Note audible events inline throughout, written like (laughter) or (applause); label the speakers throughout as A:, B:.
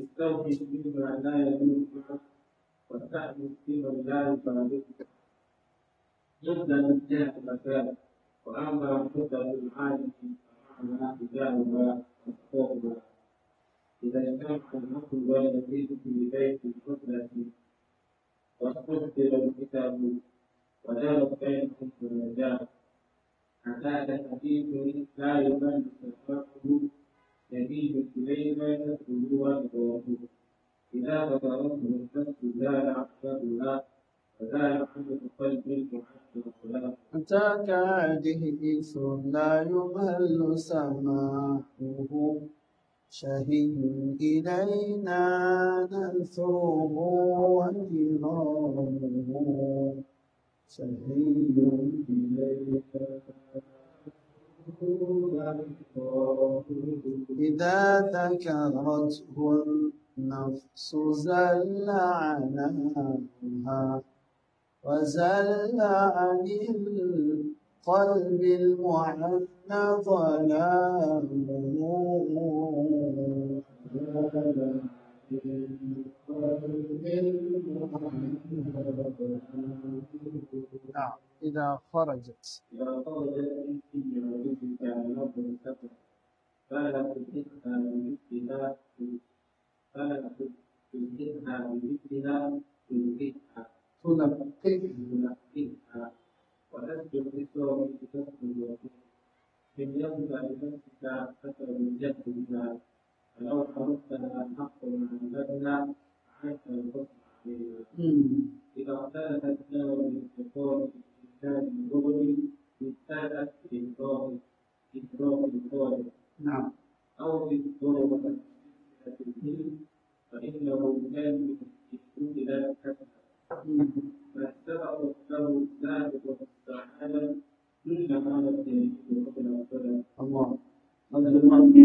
A: استوفي فيما لا يدومك واستحدث فيما لا يفارقك جد من جهة المكان وأما الحب بالعالم فمعنى تجاهها وتقوها إذا اجتمع الحق واليزيد في بيت الحفلة واستقبل الكتاب ودارت بينهم في الرجال أتاك حديث لا يبلغ الفقه يبيت سليمان طلوعا وغروبا
B: إذا ذكرته
A: الشمس زال عقبها وزال حدث قلبي محسن خلافه أتى كعاده
B: لا يمهل سماحه شهي إلينا نثره وكرامه شهي إليك إذا ذكرته النفس زل عنها وزل عن القلب المعنى ظلامه
A: نعم
B: إذا خرجت
A: إذا خرجت من وجودك فلا تلحقها بمثلها فلا تلحقها بمثلها تلحقها تلقيها وتسجد لسوء تسجد وتسجد إن يبدأ لنفسك فتر الجد بها فلو حرصت على الحق مع بدنا نعم أو في الضرورة فإنه كان بالسجود لا حسن فاستبعد له ذلك واستعمل كل هذا الدليل قبل الصلاة الله قبل الله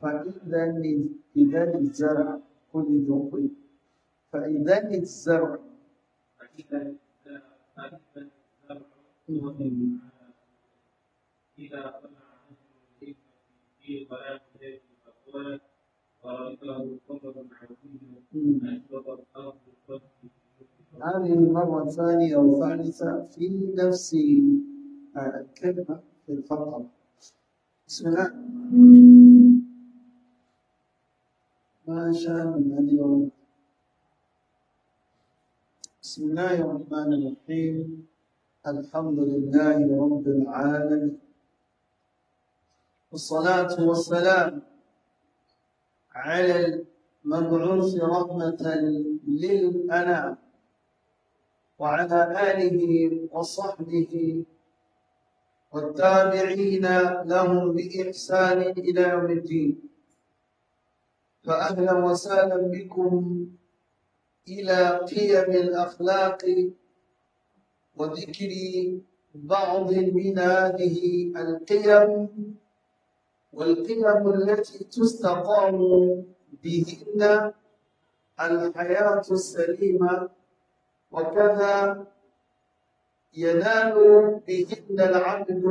B: فإذا إذا الزرع كل ذوق فإذا الزرع فإذا إذا هذه المرة الثانية أو الثالثة في نفس الكلمة في الفقرة بسم الله من بسم الله الرحمن الرحيم الحمد لله رب العالمين والصلاة والسلام على المبعوث رحمة للأنام وعلى آله وصحبه والتابعين لهم بإحسان إلى يوم الدين فأهلا وسهلا بكم إلى قيم الأخلاق وذكر بعض من هذه القيم والقيم التي تستقام بهن الحياة السليمة وكذا ينال بهن العبد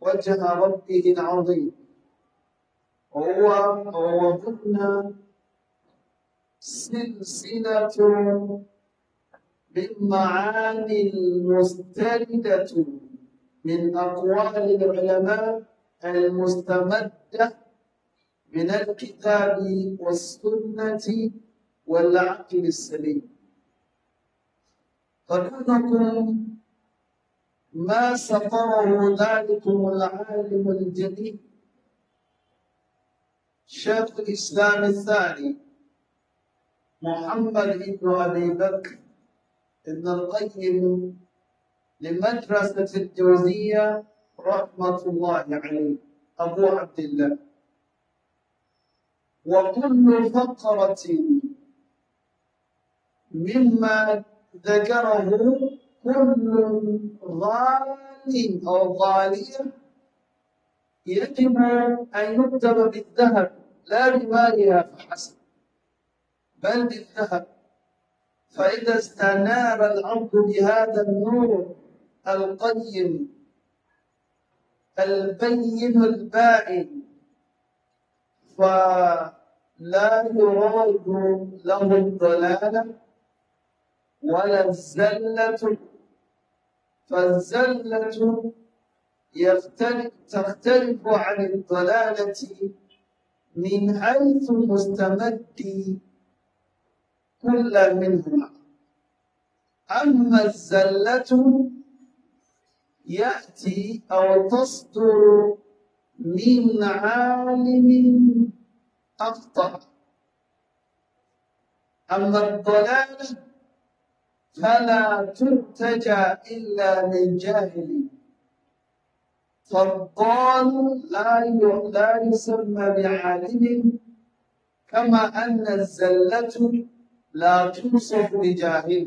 B: وجه ربه العظيم هو هو ضمن سلسلة بالمعاني المستندة من أقوال العلماء المستمدة من الكتاب والسنة والعقل السليم فكونكم ما سطره ذلكم العالم الجديد شيخ الإسلام الثاني محمد بن أبي بكر ابن القيم لمدرسة الجوزية رحمة الله عليه أبو عبد الله وكل فقرة مما ذكره كل غالي أو غالية يجب أن يكتب بالذهب لا بمالها فحسب بل بالذهب فإذا استنار العبد بهذا النور القيم البين البائن فلا يراد له الضلالة ولا الزلة فالزلة تختلف عن الضلالة من حيث مستمد كل منهما أما الزلة يأتي أو تصدر من عالم أخطأ أما الضلالة فلا ترتجى إلا من جاهل فالضال لا لا يسمى بعالم كما أن الزلة لا توصف بجاهل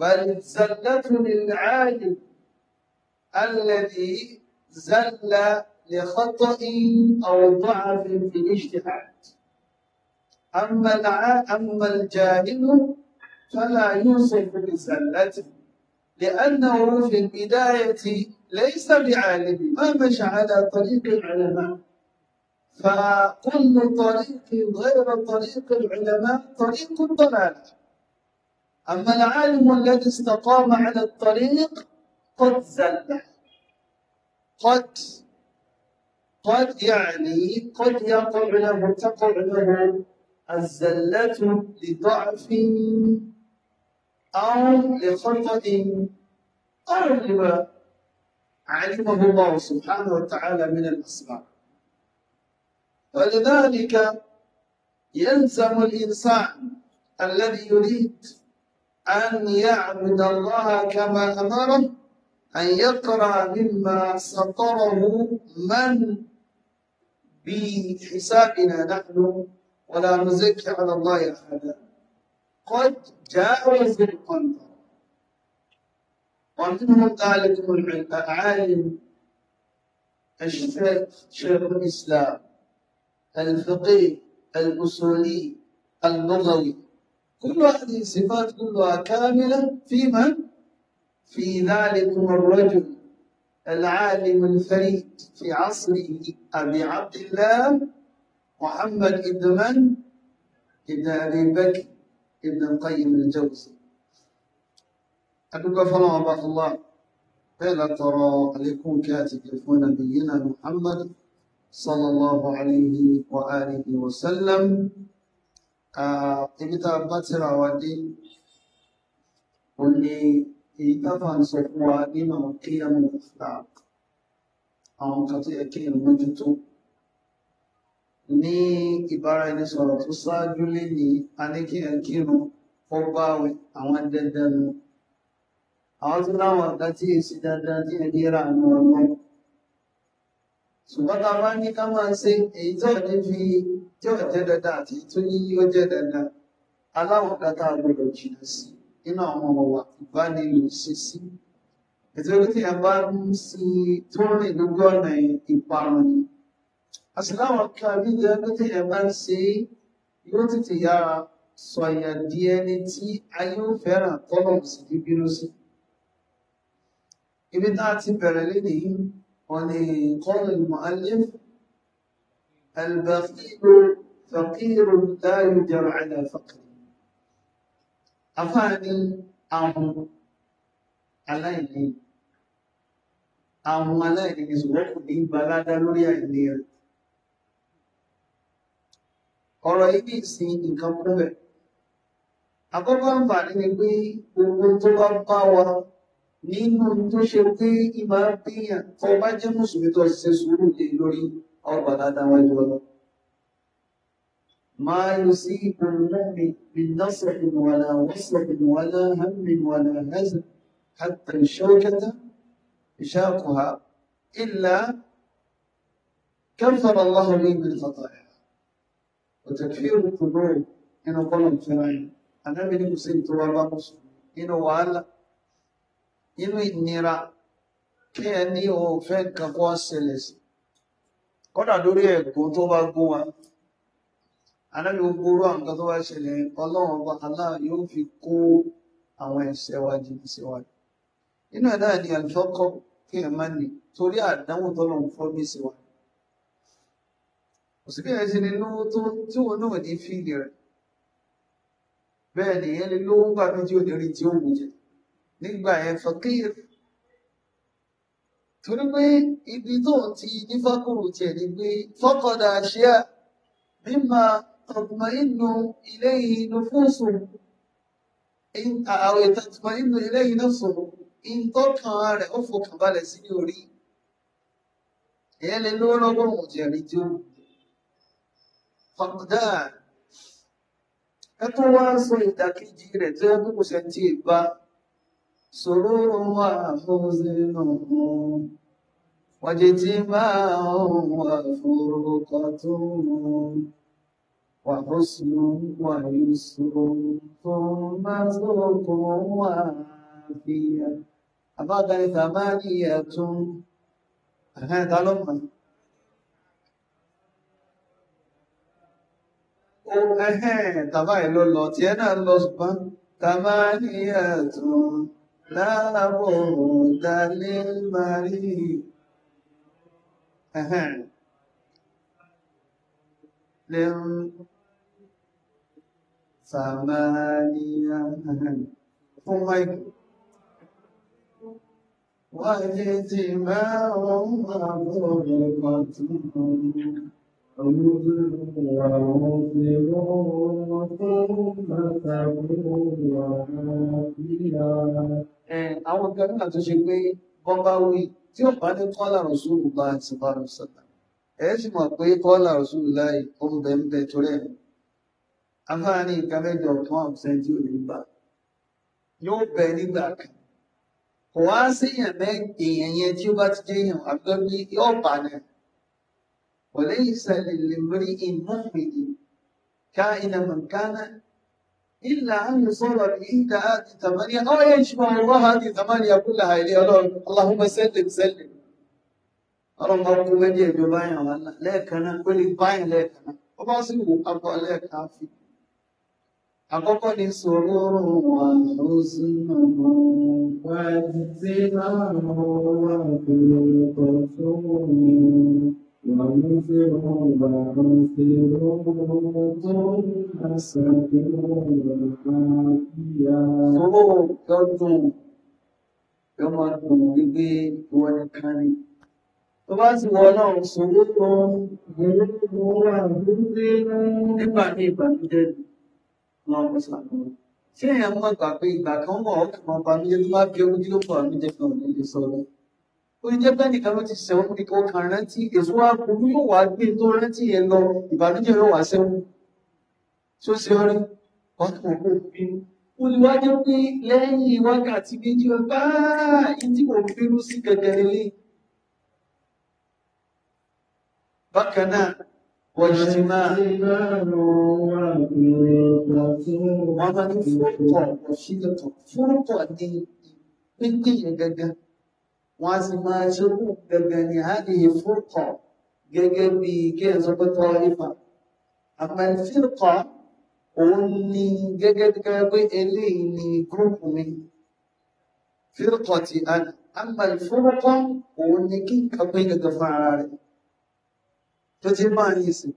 B: بل الزلة للعالم الذي زل لخطأ أو ضعف في الاجتهاد أما أما الجاهل فلا يوصف بزلته لأنه في البداية ليس بعالم ما مشى على طريق العلماء فكل طريق غير طريق العلماء طريق الضلال أما العالم الذي استقام على الطريق قد زل قد قد يعني قد يقع له تقع له الزلة لضعف أو لخطأ أو لما علمه الله سبحانه وتعالى من الأسباب ولذلك يلزم الإنسان الذي يريد أن يعبد الله كما أمره أن يقرأ مما سطره من بحسابنا نحن ولا نزكي على الله أحدا قد جاوز القنبر ومنهم قالة العالم الشيخ شيخ الإسلام الفقيه الأصولي النظري كل هذه الصفات كلها كاملة في من؟ في ذلكم الرجل العالم الفريد في عصره أبي عبد الله محمد بن من؟ ابن أبي بكر ابن القيم الجوزي adúgbò fọ́lọ́wọ́ bá Allah bẹ́ẹ̀ látọrọ àlékún kí a ti kì fún nabiyyina Muhammad sallallahu alayhi wa alihi wa sallam ibi tá a bá tira wa dé ó ní èyí tábà ń sọ fún wa nínú kíyàmù akhlaq àwọn kan tó yẹ kí mójútó ní ìbára ẹni sọ̀rọ̀ tó ṣáájú lé ní aníkíyàn kírun ó àwọn dandan àwọn tí láwọn ọ̀gá tí èsì dáadáa tí ẹni ra àánú ọlọ́ ṣùgbọ́n táwa ní ká máa ṣe èyí tí ọ̀dẹ́ fi tí ọ̀jẹ́ dáadáa wa ìbánilò ṣe sí ètò tí a bá ń sí tó rìn lójú ọ̀nà ìparun ni àṣìláwọ̀ kan bí ìjọba tí a bá ibi tá a ti bẹ̀rẹ̀ lénìí wọn ni qala al-mu'allif al-bakhil faqir la yujar ala faqri afáàní àwọn aláìní àwọn aláìní ni ṣùgbọ́n kò ní gbalada lórí àìní rẹ̀ ọ̀rọ̀ ibi ìsìn nǹkan púpẹ̀ àkọ́kọ́ ń fà ní pé gbogbo tó bá bá wa نیمون تو شرطے عبارتی ما يصيب المؤمن من نصح ولا وصح ولا هم ولا هزل حتى الشوكة يشاقها إلا كفر الله لي من خطايا وتكفير القلوب إنه قلم فرعين أنا من المسلم توالى مصر إنه وعلى inú ìnira kí ẹ ní ohun fẹ́ nǹkan kọ́ ṣẹlẹ̀ sí kọ́dà lórí ẹ̀kọ́ tó bá gún wa tó bá ọlọ́run ọba fi kó àwọn ẹ̀ṣẹ̀ wa jìnnà sí wa inú ẹ̀ náà ni àjọkọ́ kí ẹ má nì torí àdánwò tọ́lọ́run fọ́mí sí wa òsì bí ẹ tó bẹ́ẹ̀ nìyẹn lówó rí tí nígbà yẹn fakir torí pé ibi tó ń ti ní fákòrò tiẹ̀ ni pé fọ́kànlá àṣíà mímọ tọ̀gbọ̀n inú ilé inú fún sòrò àwọn ìtọ̀gbọ̀n inú ilé inú sòrò ìtọ́kàn rẹ̀ ó fọkàn balẹ̀ sí orí ìyẹn lè lówó lọ́gbọ̀n òjẹ̀rí tí ó fàkùdá ẹ tó wá sọ ìdàkejì rẹ̀ tó yẹ kó kò sẹ́ńtì ìbá سرور وحزن واجتماع وفرقة وحسن ويسر ثم ذوق وعافية أبغى ثمانية هذا لما ẹhẹn tàbá ìlú lọ tiẹ náà lọ ṣùgbọ́n tàbá níyàtọ̀. لا بد للمريض ثمانية فمك واجتماع مبرقة ومسلم ثم تكون عافية àwọn kan nígbà tó ṣe pé bọ́mbá wí tí ó bá ní kọ́lá rọ̀ṣúlù bá ti bá rọ̀ sọ̀tà ẹ̀ sì mọ̀ pé kọ́lá rọ̀ṣúlù láì ó ń bẹ̀ ń bẹ̀ torí ẹ̀ afáàní nǹkan mẹ́jọ tó hàn sẹ́ńtì ò ní gbà yóò bẹ nígbà kan kò wá sí èèyàn mẹ́ èèyàn yẹn tí ó bá ti jẹ́ èèyàn àgbẹ̀bí yóò bà náà kò lè ìsẹ̀lẹ̀ lè mú ìmú mi ká ìnàmọ̀ká náà إلا أن صور إنت آتي ثمانية أو يشبه الله آتي ثمانية كلها إلي ألون اللهم سلم سلم ọlọ́run bá kú méjì ẹjọ́ báyìí àwọn ńlá lẹ́ẹ̀kan náà ó lè báyìí lẹ́ẹ̀kan náà ó bá sì wò kápọ̀ lẹ́ẹ̀kan àfi. àkọ́kọ́ ni sọ̀rọ̀ wà lóṣù náà wà tí máa ń wà lóṣù náà. وانفروا وأنتم مسافرون عافية. Sọ́wọ́ tọ́dún yóò máa dùn wípé wọ́n ní kárí. Tó bá ti wọ náà sọ́wọ́ tó ìwé ló wà lórí nígbà ní ìbànújẹ́ wọn kò sàkóso. Ṣé èèyàn mọ̀ gbà pé ìgbà kan wọ̀ ọ́ kàn máa banújẹ́ tó bá bí ogójì ló pọ̀ àmì jẹ́ kan ò ní lè sọ̀rọ̀? orí jẹ́ pé nìkan ló ti sẹ̀wọ́n ní kan kan rántí èso wa burú yóò wá gbé tó rántí yẹn lọ ìbànújẹ́ yóò wá sẹ́wọ́n tí ó ṣe ọrẹ ọkàn kò bínú ó lè wá jẹ́ pé lẹ́yìn wákàtí méjì wọn báyìí tí mo bínú sí gẹ́gẹ́ lélẹ̀. bákan náà wọ́n ju ti máa wọ́n máa ní fúrúkọ̀ ọ̀ṣílẹ̀kọ̀ fúrúkọ̀ ní pété yẹn wọ́n á sì máa ṣe kú gẹ̀gẹ̀ ní hádìí fúrkọ̀ gẹ́gẹ́ bí kí ẹ̀ sọ pé tọ́ ifá àmọ́ fúrkọ̀ òun ni gẹ́gẹ́ bí kẹ́kẹ́ pé eléyìí ni gúrùpù mi fúrkọ̀ ti àná àmọ́ fúrkọ̀ òun ni kí n kà pé gẹ́gẹ́ fún ara rẹ̀ tó ti máa ní ìsìn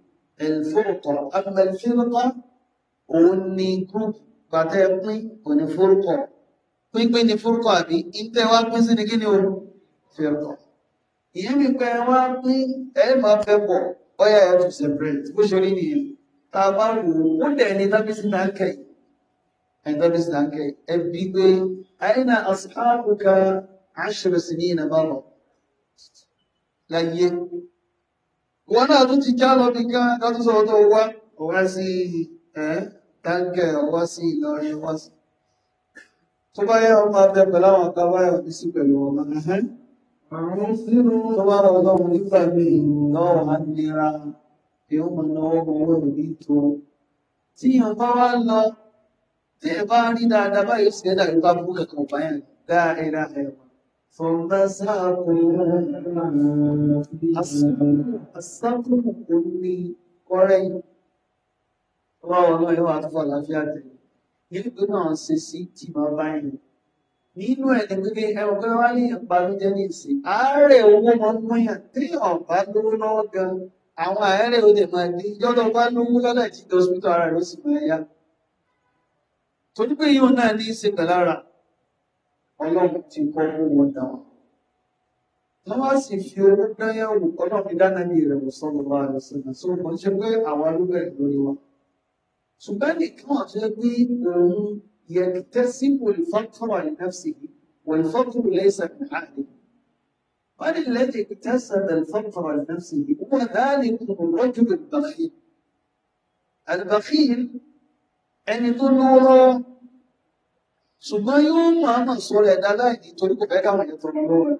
B: ẹ̀lfúrkọ̀ àmọ́ fúrkọ̀ òun ni gúrùpù gbàtẹ́ pín òní fúrkọ̀ pínpín ni fúrkọ̀ àbí ìtẹ́wá pín sí ni kí ni òun fẹ́ràn ìyẹn mi pẹ́ wá ní ẹ máa fẹ́ pọ̀ ọyá ẹ tún separate bó ṣe rí nìyẹn tá a bá wò ó dẹ̀ ní tábísí náà kẹ́yìn ẹni tábísí náà kẹ́yìn ẹbí pé àyínà àṣàkùkà àṣìrìsì ní ìnàbà lọ láyé wọn náà tún ti já lọ bí ká látún sọ ọtọ wá ọwá sí ẹ táǹkẹ ọwá sí Ìlọrin wá sí tó bá yẹ ọmọ abẹ pẹ̀lú àwọn akáwáyọ ní sí pẹ̀lú ọmọ tó bá rọ ọlọ́run nígbà míì lọ́rọ̀ á nira èèyàn máa náwó owó òní tó tí èèyàn bá wá lọ tí èèyàn bá rí dáadáa báyìí sì dẹ́dà ló bá mú ẹ̀kọ́ báyìí dáa ẹ̀rá ẹ̀wà fọ̀nbá sáàkùn tẹ̀lé nígbà náà ṣe sí tìmọ̀ báyìí nínú ẹni gbígbé ẹgbẹ́ wá ní ìbànújẹ́ ní ìsìn àárẹ̀ owó mọ́ múyàn tí ọ̀bá lówó lọ́wọ́ gan àwọn àárẹ̀ ó lè máa dín jọ́dọ̀ bá lówó lọ́lẹ̀ tí hospital ara rẹ̀ ó sì máa yá torí pé yóò náà ní í ṣe pẹ̀lára ọlọ́run ti kọ́ owó wọn dà wọn wọ́n wá sì fi owó dányẹ̀ wò ọlọ́run dáná ní ìrẹ̀wò sọ́nà wa rẹ̀ sọ́nà tó kàn ṣe pé àwọn arúgbó ẹ̀ lórí wọn ṣùgbọ́n nìkan àti ẹgbẹ́ òun يكتسب الفقر لنفسه والفقر ليس من عهده قال الذي اكتسب الفقر لنفسه هو ذلك الرجل البخيل البخيل أن يقول له سبحان الله ثم يوم ما صلى لا يترك بك ما يترك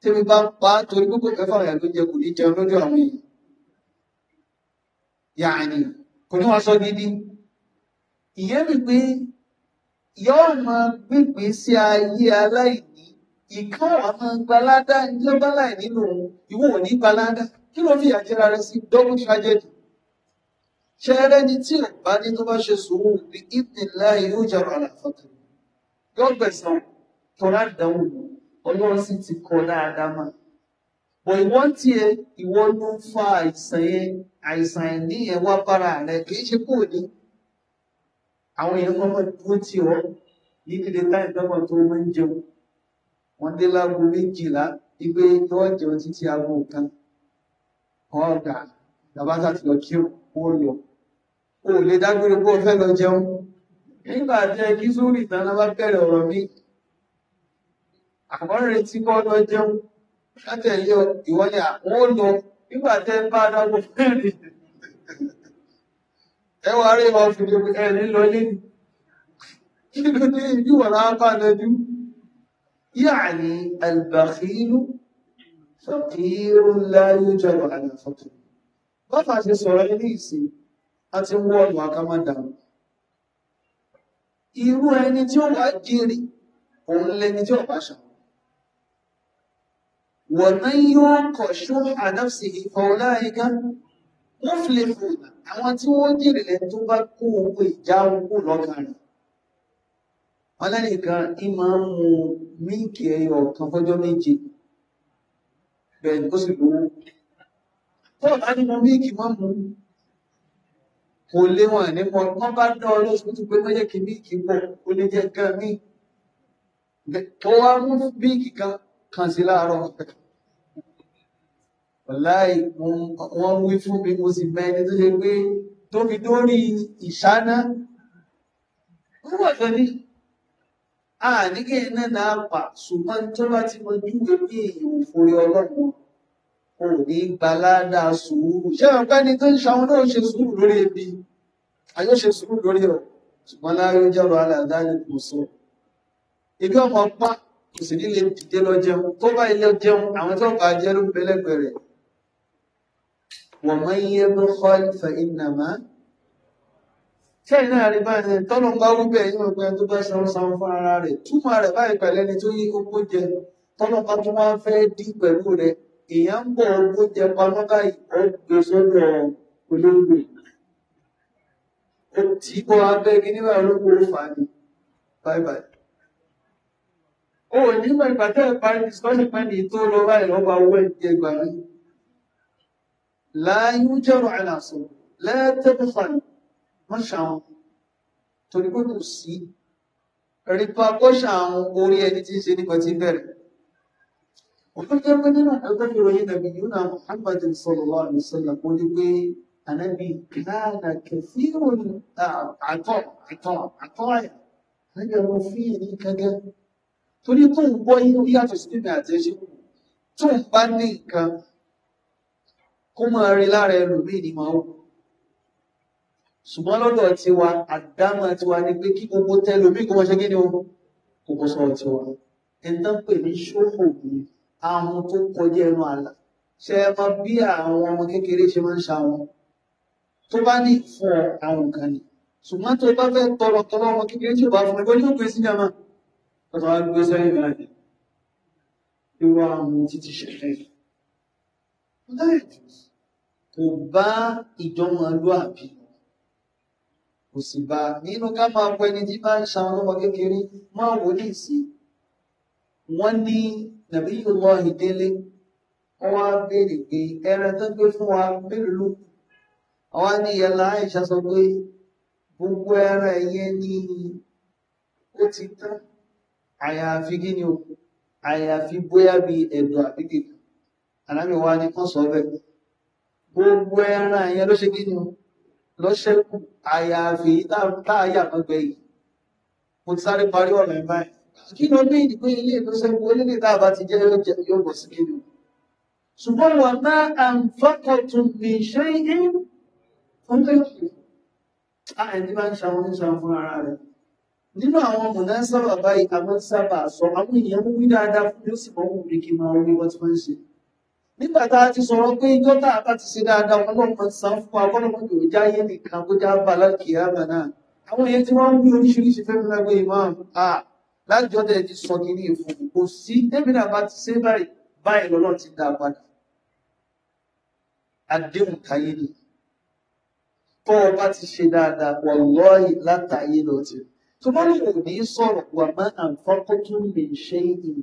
B: تبي با با تريك بك كيف يا دنيا كلي تعمل جامي يعني كل ما صدي دي يا بيبي yóò máa gbígbé sí ayé aláìní ìkan wà máa gbaládá ló bá láì nínú ìwọ ò ní kí ló fi àjẹra rẹ sí double tragedy ṣẹrẹ ni tí ò bá ní tó bá ṣe sùúrù bí ìpínlẹ̀ yóò jà wàhálà fọtò yóò gbẹ̀san tọrọ àdánwò Ọlọ́run sì ti kọ dáadáa mà bọ ìwọ ń tiẹ ìwọ ló ń fa àìsàn yẹn àìsàn ẹni yẹn wá bára rẹ kì í ṣe kó ní àwọn èèyàn kan mọ̀ tó tí ọ ní dédé táì tọ́mọ̀ tó mọ́ ń jẹun wọ́n dé láago méjìlá wípé yọ́ jẹun títí aago kan ọ̀gá gàbátà ti lọ kí ó lọ o lè dágbére bó o fẹ́ lọ jẹun nígbà tí ẹ kí sórí ìtàn bá bẹ̀rẹ̀ ọ̀rọ̀ mi àwọn retí kọ́ lọ jẹun látẹ̀lé ìwọ́lẹ̀ àwọn ò lọ nígbà tẹ́ bá dágbó fẹ́rẹ̀ ẹwà rí wọn fi ẹ̀rí lọ ilé kí ló dé ibi wà lápá lẹ́jú yáàní albàkílù fàkírù láyé jẹrọ àyàfọ́tò bọ́fà ṣe sọ̀rọ̀ ilé ìsìn àti wọ́ọ̀lù àkámọ́dà irú ẹni tí ó wà gírí òun lẹni tí ó bá ṣàwọn wọ̀n yóò kọ̀ ṣó àdáfsì ìfọ̀ọ́láyé gan muflihun àwọn tí wọ́n jèrè lẹ́nu tó bá kó owó ìjà owó lọ́kàn rẹ̀ wọn lẹ́yìn kan ń máa ń mu mílíkì ẹyọ kan fọ́jọ́ méje bẹ́ẹ̀ ó sì lówó tó bá nínú mílíkì máa mu kò lé wọn ní wọn wọn bá dán ọ lóṣù tó pé mọ́jẹ́ kí mílíkì pọ̀ ó lè jẹ́ gan míì tó wá mú mílíkì kan kàn sí láàárọ̀ ọ̀pẹ̀kọ̀. Wàláì wọ́n wí fún mi, mo sì mẹ́ni tó ṣe pé tó fi dórí ìṣáná. Wọ́n wọ̀ jọ ní, a ní kí iná náà pa, ṣùgbọ́n tó bá ti mọ júwe bí èèyàn òfòrí ọlọ́run kò ní gbalada sùúrù. Ṣé wọn pẹ́ ni tó ń ṣàwọn náà ṣe sùúrù lórí ebi? Ayọ́ ṣe sùúrù lórí ọ̀, ṣùgbọ́n láyé jọ̀rọ̀ alàdá ni kò sọ. Ibi ọmọ pa kò sì ní lè dìde Tó bá ilé jẹun, àwọn tó ń bá jẹ́ ló ومن يبخل فإنما ṣẹ́yìn náà rí báyìí tọ́lọ́ ń bá rúbẹ̀ yìí wọ́n pẹ́ tó bá ṣọ́rọ́ san fún ara rẹ̀ túmọ̀ rẹ̀ báyìí pẹ̀lẹ́ ni tó yí kókó jẹ tọ́lọ́ bá tó wá fẹ́ dín pẹ̀lú rẹ̀ èèyàn ń bọ̀ ogó jẹ pamọ́ báyìí ó gbé sọ́dọ̀ olóògbé ó ti abẹ́gi nígbà olóògbé ó fà á ní bye bye. ó nígbà ìgbà tẹ́ ẹ̀ parí discussion pẹ́ tó lọ báyìí lọ́ba láyún jẹ́rọ àlàsọ lẹ́tẹ̀dẹ̀fàlù wọ́n ṣàwọn torí pé kò sí rìpàkọ́ṣà àwọn orí ẹni tí ń ṣe nípa ti bẹ̀rẹ̀ òfin jẹ́ pé nínú ẹgbẹ́ ìròyìn nàbí yìí náà Muhammad sallallahu alaihi wasallam kò ní pé ànábì káàdà kẹfíìrò àtọ̀ àtọ̀ àtọ̀ àyà níbi àwọn fíì ní kankan torí tó ń gbọ́ inú yàtọ̀ sí nígbà àtẹ́ṣe tó ń bá ní nǹkan kó máa rí lára ẹlòmíì ní máa wù ṣùgbọ́n lọ́dọ̀ tiwa àdámọ̀ tiwa ni pé kí gbogbo tẹlòmíì kó máa ṣe kí ni o kò kó sọ̀rọ̀ tiwa ẹ̀ńtọ́ pè ní ṣòfò ní àwọn tó kọjá ẹnu àlà ṣe é mọ bí àwọn ọmọ kékeré ṣe máa ń ṣa wọn tó bá ní fún àwọn nǹkan ni ṣùgbọ́n tó bá fẹ́ tọrọ tọrọ ọmọ kékeré tí ò bá fún ẹgbẹ́ ní sí jama ọ̀tọ̀ wa gbé sẹ́yìn náà ni irú àwọn títí ṣẹ̀fẹ̀ kò bá ìjọmọlúàbí kò sì bá nínú ká máa pọ ẹni tí máa ń ṣàwọn ọlọ́mọ kékeré máa wò ní ìsìn wọ́n ní nàbí yóò lọ ìdílé wọ́n á béèrè pé ẹran tó gbé fún wa mélòó ló kù àwọn ní ìyàlá àìsà sọ pé gbogbo ẹran ẹ̀yẹ ni ó ti tán àyàfi kí ni o àyàfi bóyá bíi ẹ̀dùn àbíkè àlámì wa ni kán sọ bẹ́ẹ̀ gbogbo ẹran yẹn ló ṣe kí ni o lọ ṣẹ́kù àyàfi táàyà kan gbẹ yìí mo ti sáré parí ọ̀rọ̀ ẹ̀ báyìí kí ló ní ìdìbò ilé tó ṣẹ́kù onílé tá a bá ti jẹ́ yóò bọ̀ sí kí ni o ṣùgbọ́n wọn náà àǹfọ́kọ̀tún lè ṣe é fún tó yóò ṣe àìní máa ń ṣàwọn oníṣàwọn fún ara rẹ̀ nínú àwọn ọmọ náà sábà báyìí àwọn sábà sọ àwọn èèyàn wí dáadáa fún yóò sì mọ nígbà tá a ti sọ̀rọ̀ pé ijọ́ tá a bá ti ṣe dáadáa ọlọ́run san fún abọ́lọ́mọ yóò jáyé nìkan kó já bá láti ààbà náà àwọn èèyàn tí wọ́n ń gbé oríṣiríṣi fẹ́mi lágbé imam a lájọ́ tẹ̀ ti sọ kí ní ìfún kò sí débìnà bá ti ṣe báyìí báyìí lọ́lọ́ ti dá padà àdéhùn táyé ni tó o bá ti ṣe dáadáa wọ̀lọ́ọ̀yì látàyé lọ ti tó bá lè ní sọ̀rọ̀ wà má àǹfọ́kọ́tún lè ṣe ìyìn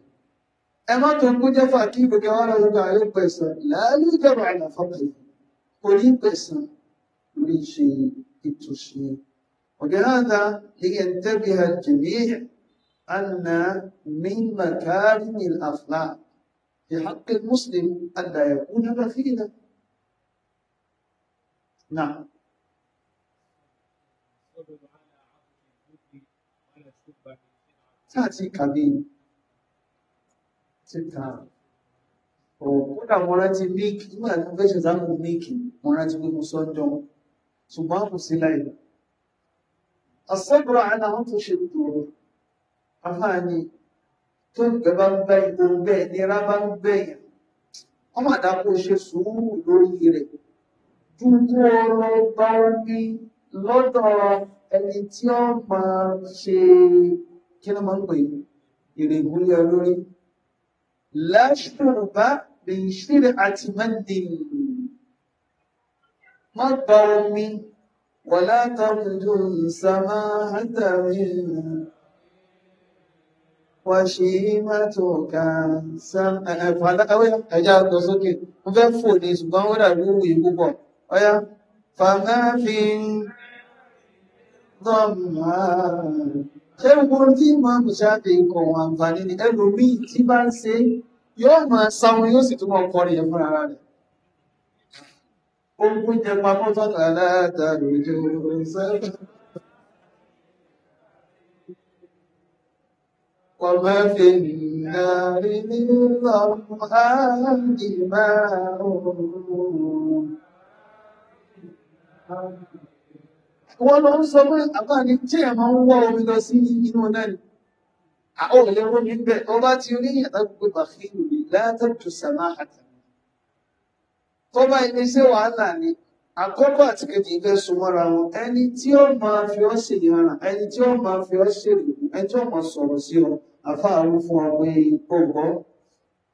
B: أماتهم مجفع كيف كوانا لك على البيسة لا لو جمع على فضل ولي بيسة وليشي إتوشي وكهذا لينتبه الجميع أن من مكارم الأخلاق في حق المسلم أن لا يكون بخيلا نعم تأتي كبير síta ò kódà mo rántí bíkì nígbà tí mo fẹ́ ṣèṣàmù bíkì mo rántí pé mo sọ ń jọ ṣùgbọ́n kò sí láì lọ. àṣẹ́gbọ̀rọ̀ àná wọn tó ṣe tòrò afáàní tó nǹkan bá ń bá ìbò bẹ́ẹ̀ nira bá ń bẹ̀yàn wọ́n mà dáko ṣe sùúrù lórí rẹ̀ dúkú ọ̀rọ̀ bá wí lọ́dọ̀ ẹni tí ó máa ṣe kí ló máa ń pè é ìrègùn lórí láṣùrùbá lè ṣírí àti mẹ́ni má gba omi wà látàmùdù ìsàmá àtàrí wà ṣe má tó ká sán ẹ̀fọ́ alákàwé ẹ̀já lọ sókè mo fẹ́ fò ní ṣùgbọ́n ó dàbí òwú yìí púpọ̀ ọ̀yá fàmáfin dọ́mà ṣẹ́rù gbọ́n tí ìmọ̀ọ́mù ṣáàfihàn nǹkan wọn àǹfààní ni ẹlòmíì tí bá ń ṣe yóò máa sáwọn yóò sì túnmọ̀ kọrin yẹn fúnra rẹ̀. Ogun jẹ pamọ́ tọ́ta látàrí ojú sẹ́yìn. وما في النار إلا الظمآن ماء wọ́n lọ ń sọ pé àbáni tí ẹ̀ máa ń wọ́ omi lọ sí inú náà ni àwọn òlẹ̀ omi bẹ̀ ọba tí oníyàn àgbègbè bàfíìlù ni látàkù sàmáhàtà tọ́ba iléeṣẹ́ wàhálà ni àkọ́kọ́ àti kejì fẹ́ súnmọ́ra wọn ẹni tí ó máa fi ọ́ sì yànrà ẹni tí ó máa fi ọ́ ṣèlú ẹni tí ó máa sọ̀rọ̀ sí ọ àfáàrú fún ọmọ ìgbọ̀ngọ́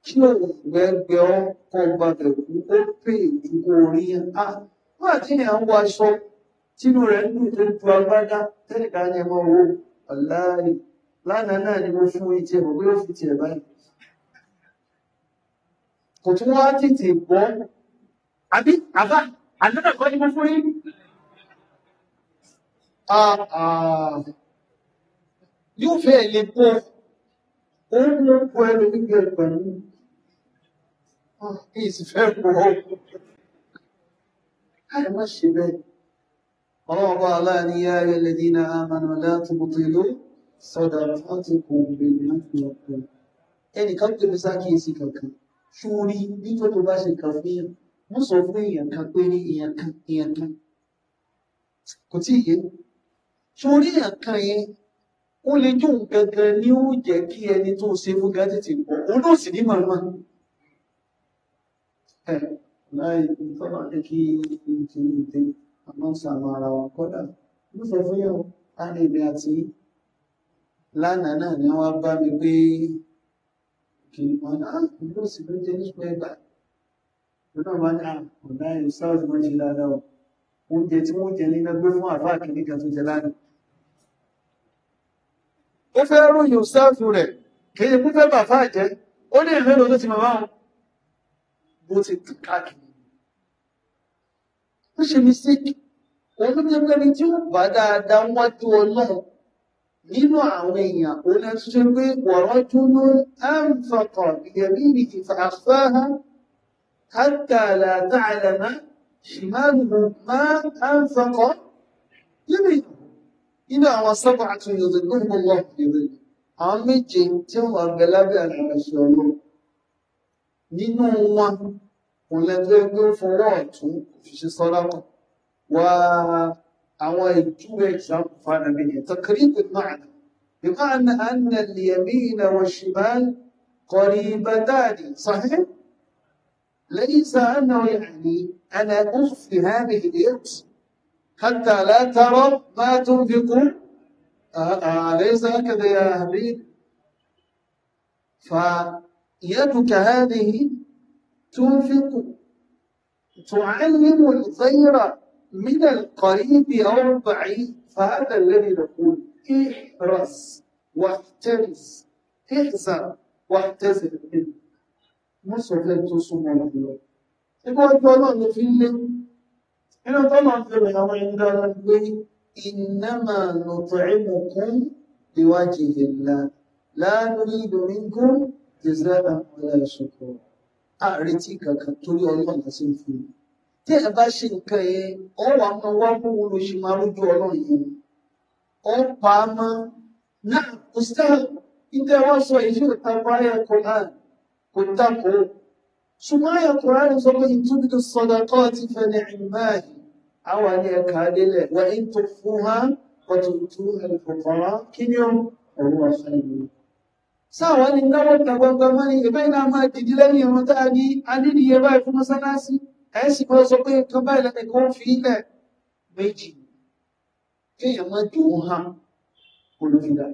B: kí òògbẹ́gbẹ́ ọ kọ́ gbàgbẹ́ kú ó pè é ju orí á má ti yàn wọ aṣọ tínú rẹ̀ ń dùn tó ń tu agbádá tẹ́nìkan ni ẹ mọ owó ọ̀láàrí lánàá náà ni mo fún etí ẹ̀ mọ̀ pé ó fi tiẹ̀ báyìí. kò tún wá tètè gbọ́ àbí àbá àdúrà kan ni mo fún yín. yóò fẹ́ lè pọ̀ òun ló ń pọ̀ ẹnu gbígbẹ pẹ̀lú kí ìsìfẹ́ pọ̀ ọ́. káyọ̀ má ṣe bẹ́ẹ̀ ọlọ́run bá aláàní yá ilẹ̀ dínà àmàna láti bùtìlú sọ́dà láti kùn bèèrè láti ọkọ̀ ẹnìkan tó bí sákìyèsí kankan ṣúrí nítorí tó bá ṣe kà fún yẹn wọ́n sọ fún èèyàn kan pé ní èèyàn kan èèyàn kan kò tí yé ṣúrí èèyàn kan yẹn ó lè jó nǹkan gan ni ó jẹ́ kí ẹni tó ṣe fún gájẹ́tì pọ̀ òun náà sì ní màmá ẹ̀ láì tọ́lá kí n kí n tẹ́lẹ̀ a máa ń sàmọ́ ara wa kódà
C: mo fẹ́ fúyàwó
B: láàrin èmi àti lánàá náà ni wọ́n bá mi pé kì í mọ̀ náà ìlú òsì ló jẹ́ nípa ẹgbà tó náà máa ń dà kò náà yóò sáwọ́sì máa ń ṣe dáadáa o oúnjẹ tí wọ́n jẹ nínú gbé fún àbá kìíní kan tó jẹ lánàá. ó fẹ́ ròyìn òsáàfù rẹ̀ kì í ṣe jẹ́ ó lè mélòó ló ti mọ̀ bó ti káàkiri ó ṣe mistake òun ló jẹ́ pé ẹni tí ó bá dáadáa wọ́n ju ọlọ́run nínú àwọn èèyàn òun náà tún ṣe pé wọ̀rọ̀ tún ló ń fọkàn ìyẹ̀mí ni ìfàfáhà kátàlá tààlàmá ṣìmáàlùmọ́ máa ń fọkàn níbi nínú àwọn sábà àti ìrìn gbogbo wọn ìrìn àwọn méje tí wọn gbẹ lábẹ́ àṣà ọlọ́run nínú wọn kòlẹ́gbẹ́gbẹ́ fọwọ́ ọ̀tún fi ṣe sọ́lámọ̀ wà àwọn ìjúwe ìṣàkó fanabi yẹn بمعنى أن اليمين والشمال قريبتان صحيح؟ ليس أنه يعني أنا أخفي هذه اليد حتى لا ترى ما تنفقون أليس هكذا يا أهلين؟ فيدك هذه تنفق تعلم الخير من القريب او البعيد فهذا الذي نقول احرص واحترس احذر واحتذر منه مش لن تصوم ولا إنما نطعمكم لوجه الله لا نريد منكم جزاء ولا شكورا a retí kankan torí ọlọ́run àti ìfún mi tí ẹ bá ṣe nǹkan yẹn ọ wà máa wá bówó ló ṣe máa rójú ọlọ́run yẹn ọ pa á mọ́ náà kò sáà nígbà wọn sọ èyí ò ta wá ayà koran kò dákò ṣùgbọ́n ayà koran sọ pé ìtúbìtì sọdọ̀ kọ́ ti fẹ́lẹ̀ ìmáàyè àwọn ni ẹ̀ka délẹ̀ wà tó fún wa wọ́n ti tú ẹ̀fọ̀kọ́rọ́ kí ni ó ọ̀rọ̀ àfẹ́ ìlú sáwọn ni káwọ́ tẹ̀gbọ́ngbọ́n mọ́ ni ìbẹ́ iná máa dìdí lẹ́yìn ìrún tá a ní anídìyẹ báyìí fún mọ́sálásí ẹ̀ sì mọ́ sọ pé nǹkan báyìí lẹ́nu kan fi ilẹ̀ méjì kéèyàn má dùn ún hàn olùfìdá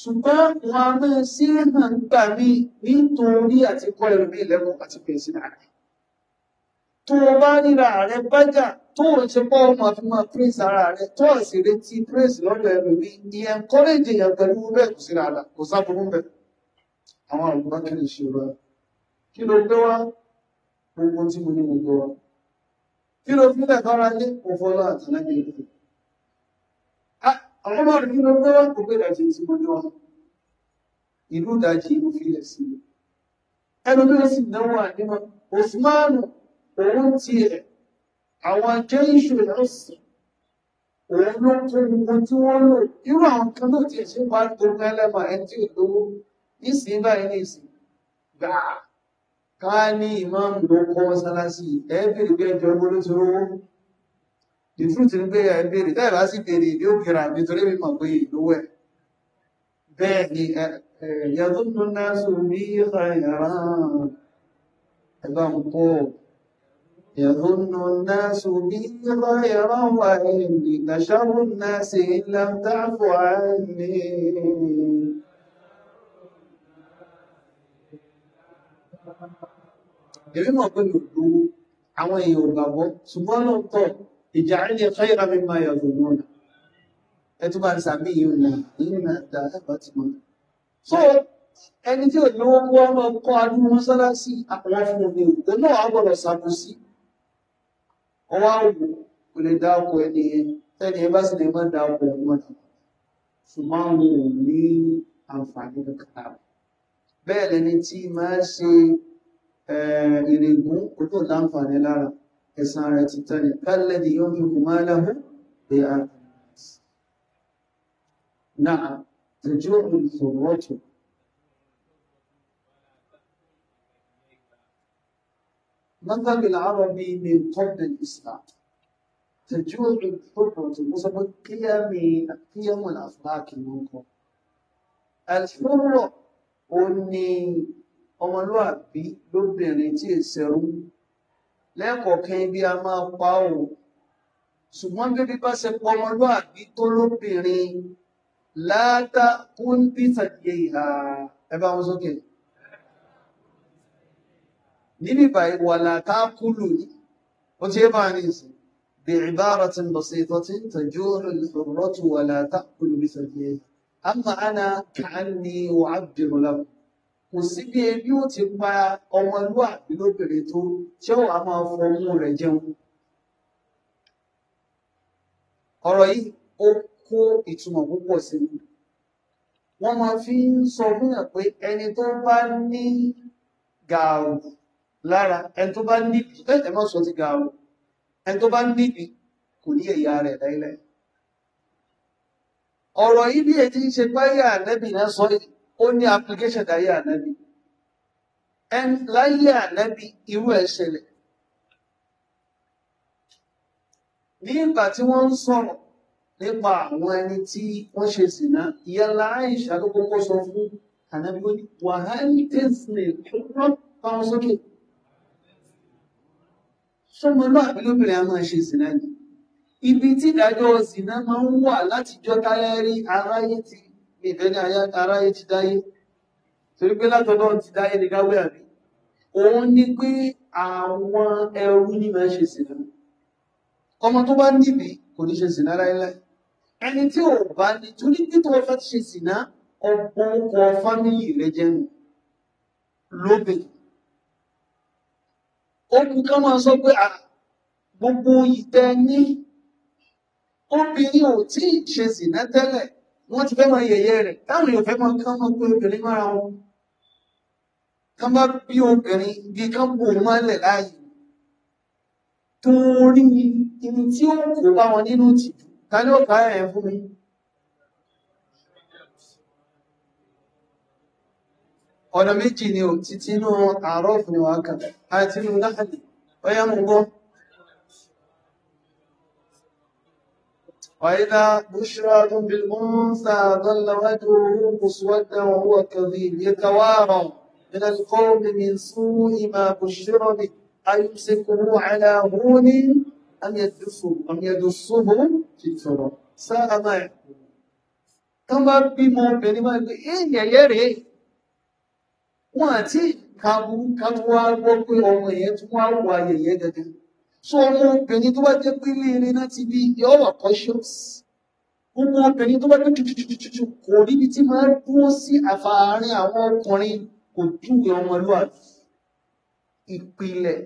B: ṣùgbọ́n wọn a máa sí hàn gbà mí nítorí àti kọ́ ẹlòmíì lẹ́kọ̀ọ́ àti pèsè ààrẹ tó o bá ríra ààrẹ bájà tó o ṣe pọ́ ọmọ fi máa praise ara rẹ tó o sì retí praise lọ́dọ̀ ẹlòmíì ní encourage èèyàn pẹ̀lú bẹ́ẹ̀ kò sí rárá kò sábúrú bẹ́ẹ̀. àwọn àrùn bá kẹ́lẹ̀ ṣe wa kí ló gbé wá gbogbo tí mo ní mo gbé wá kí ló fi lẹ́ẹ̀kan ara lé òfòlò àtàlẹ́gbẹ̀ ìlú. Ah, àwọn ọmọ rẹ kí ló gbé wá kò gbé ìdajì tí mo ní wá ìlú ìdajì mo fi lẹ̀ sí ẹlòmíì sì náwó àdéhùn òsùnmáàlù òun tiẹ̀ àwọn jẹ́ iṣu ẹ̀sìn òun ló kó gbogbo tí wọ́n lò irú àwọn kan náà tiẹ̀ ṣe máa ń gbogbo ẹlẹ́mà ẹni tí ò lówó nísìnyí báyìí nísìnyí gbà ká ní ìmáàmù ló kọ́ mọ́sálásí ẹ béèrè bí ẹjọ́ owó ló ti rówó the truth ni pé ẹ béèrè táyà bá sì béèrè ìdí òkèrà mi torí mi mọ̀ pé ìlówó ẹ̀ bẹ́ẹ̀ ni ẹ̀yà tó ń náà sùn ní ìhà ìhàrá ẹ̀ bá ń pọ̀ يظن الناس بي خيرا وإني شر الناس إن لم تعف عني èmi mọ̀ pé lòdò àwọn èèyàn ò gbàgbọ́ ṣùgbọ́n ló ń tọ̀ ìjà ilẹ̀ khayra mimma yadhunnuna ẹtú bá ń sàbí yìí nà yìí nà dá ẹ̀bá ti mọ̀. so ẹni tí wọ́n wá wò kò lè dá ọkọ̀ ẹni yẹn tẹ́ni ẹ bá sì lè má dá ọkọ̀ ẹ̀ mọ́ ọ̀nà ṣùgbọ́n wọn ò ní àǹfààní kankan bẹ́ẹ̀ lẹni tí máa ṣe eh, ìrègùn kò tó láǹfààní lára ẹ̀sán rẹ̀ ti tẹ́lẹ̀ kálẹ̀ ni yóò fi kù máa láhùn pé a náà tẹ̀jú òun ìṣòro ọ̀tún منطق العربي من قبل الإسلام تجوع الحرة وصف قيم قيم والأخلاق منكم الحرة أني ọmọlúàbí lóbìnrin tí ìṣẹ̀rú lẹ́ẹ̀kọ̀ọ̀kan ibi a máa pa ò ṣùgbọ́n bí bá ṣe pọ̀ ọmọlúàbí tó lóbìnrin látàkùn bí tàbí ìhà ẹ bá wọn sókè. Okay níbi báyìí ولا táàkùlù ni ó ti yé báyìí nìsín bí ìbáratin basitatin tajúrò lùrọ̀tù wàlà táàkùlù bí sàfihàn àmà àná kàánì wà ábìrún lọ kò sí bí ebi ó ti pa ọmọlúwàbí lóbìnrin tó tí ó wà máa fọmú rẹ̀ jẹun ọ̀rọ̀ yìí ó kó ìtumọ̀ púpọ̀ sí i wọ́n máa fi ń sọ fún yàn pé ẹni tó bá ní gàù lára ẹni tó bá níbi ẹ má sọ ti ga o ẹni tó bá níbi kò ní ẹ̀yà rẹ̀ láíláí ọ̀rọ̀ yìí bí èyí ń ṣe báyà ànẹ́bì náà sọ yìí ó ní application dáyà ànẹ́bì láyé ànẹ́bì irú ẹ̀ ṣẹlẹ̀ ní ìgbà tí wọ́n ń sọ̀rọ̀ nípa àwọn ẹni tí wọ́n ṣe sìnà ìyálà Àìṣà ló sọ fún ànẹ́bì ó ní wàhálì tẹ́sílẹ̀ tó rọ́ bá sókè sọmọlúwàbí lóbìnrin a máa ṣe sìnà ni ibi tí ìdájọ́ sìnà máa ń wà látijọ́ táyárí aráyé ti ìfẹ́ ní aráyé ti dáyé torí pé látọ̀dọ̀ ti dáyé ní gáwé àbí òun ni pé àwọn ẹrú ní máa ṣe sìnà ọmọ tó bá níbi kò ní ṣe sìnà láéláé ẹni tí ò bá ní torí pé tó fẹ́ ṣe sìnà ọ̀pọ̀ ọkọ̀ fámìlì rẹ jẹun lóbìnrin ohun kan máa sọ pé gbogbo ìtẹ ní obìnrin ò tí ì ṣe sìnà tẹ́lẹ̀ wọ́n ti fẹ́ máa yẹ̀yẹ́ rẹ̀ táwọn èèyàn fẹ́ máa kán mọ́ pé obìnrin mára wọn kán bá bí obìnrin bí kán bò mọ́lẹ̀ láàyè torí ibi tí ó kó bá wọn nínú tìjú ta ni bá ẹ̀ fún mi. أنا méjì وتتينو عرفني ti tí inú àárọ̀ fún ìwà وإذا بشرى بالأنثى ظل وجهه مسودا وهو كظيم يتوارى من القوم من سوء ما بشر به أيمسكه على هون أم يدسه أم يدسه في التراب ساء ما يحكم. تمر بما بين ما يقول إيه يا يا ريت wọn àti kàbùrú kàbùrú wá gbọ́ pé ọmọ yẹn tún wá wà yẹ̀yẹ́ dandan so ọmọ obìnrin tó bá jẹ́ pé ilé irin náà ti bí yọ wà cautious ọmọ obìnrin tó bá jẹ́ tututututu kò níbi tí máa dúró sí àfààrin àwọn ọkùnrin kò júwe ọmọlúwàbí ìpìlẹ̀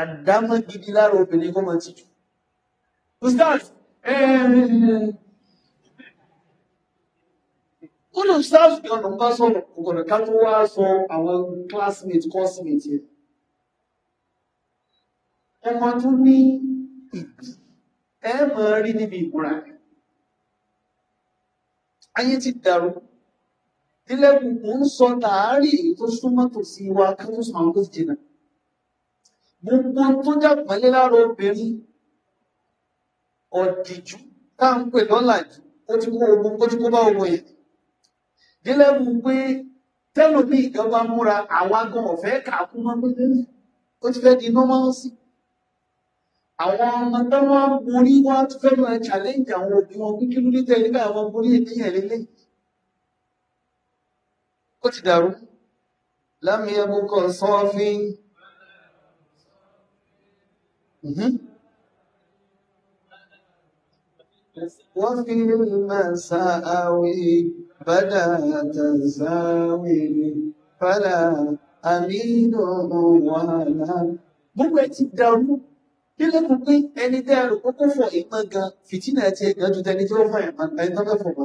B: àdámọ́ gidi lára obìnrin kó máa ti jù. ustaz ẹ̀ẹ́dẹ̀ẹ́dẹ̀ eh, kódà sáàsì kan náà bá sọ̀rọ̀ ọ̀gọ̀dọ̀ ká tó wá sọ àwọn classmate coursemate yẹn ọmọ tó ní ìdí ẹ máa rí níbi ìmúra rẹ̀ ayé ti dàrú nílẹ̀kùn mò ń sọ tààrí èyí tó súnmọ́ tòsí wa ká tó sọ àwọn tó ti jìnnà gbogbo tó jàpọ̀lé lára obìnrin ọ̀dìjú tá à ń pè lọ́làjú ó ti kó ogun ó ti kó bá ogun yẹn délẹ́mù pé tẹ́lò ní ìjọba múra àwọn agan ọ̀fẹ́ kàkún mọ́ pé ó ti fẹ́ di nọ́mọ́sí àwọn ọmọ tó wọ́n borí wọ́n ti fẹ́ máa challenge àwọn òbí wọn pé kí ló dé tẹ́lẹ̀ nígbà wọn borí ènìyàn lélẹ̀ ó ti dàrú lámì ẹgbẹ́ sán fi wọ́n fi máa sa àwẹ̀ فلا تزاول فلا أمين ولا gbogbo ẹ ti dàrú kílẹ̀kùn pé ẹni tẹ́ ẹrù kókó fọ ìpọn gan fìtínà ẹ ti ẹ̀ gan ju tẹni tí ó fọ ìpọn ẹni tó fẹ́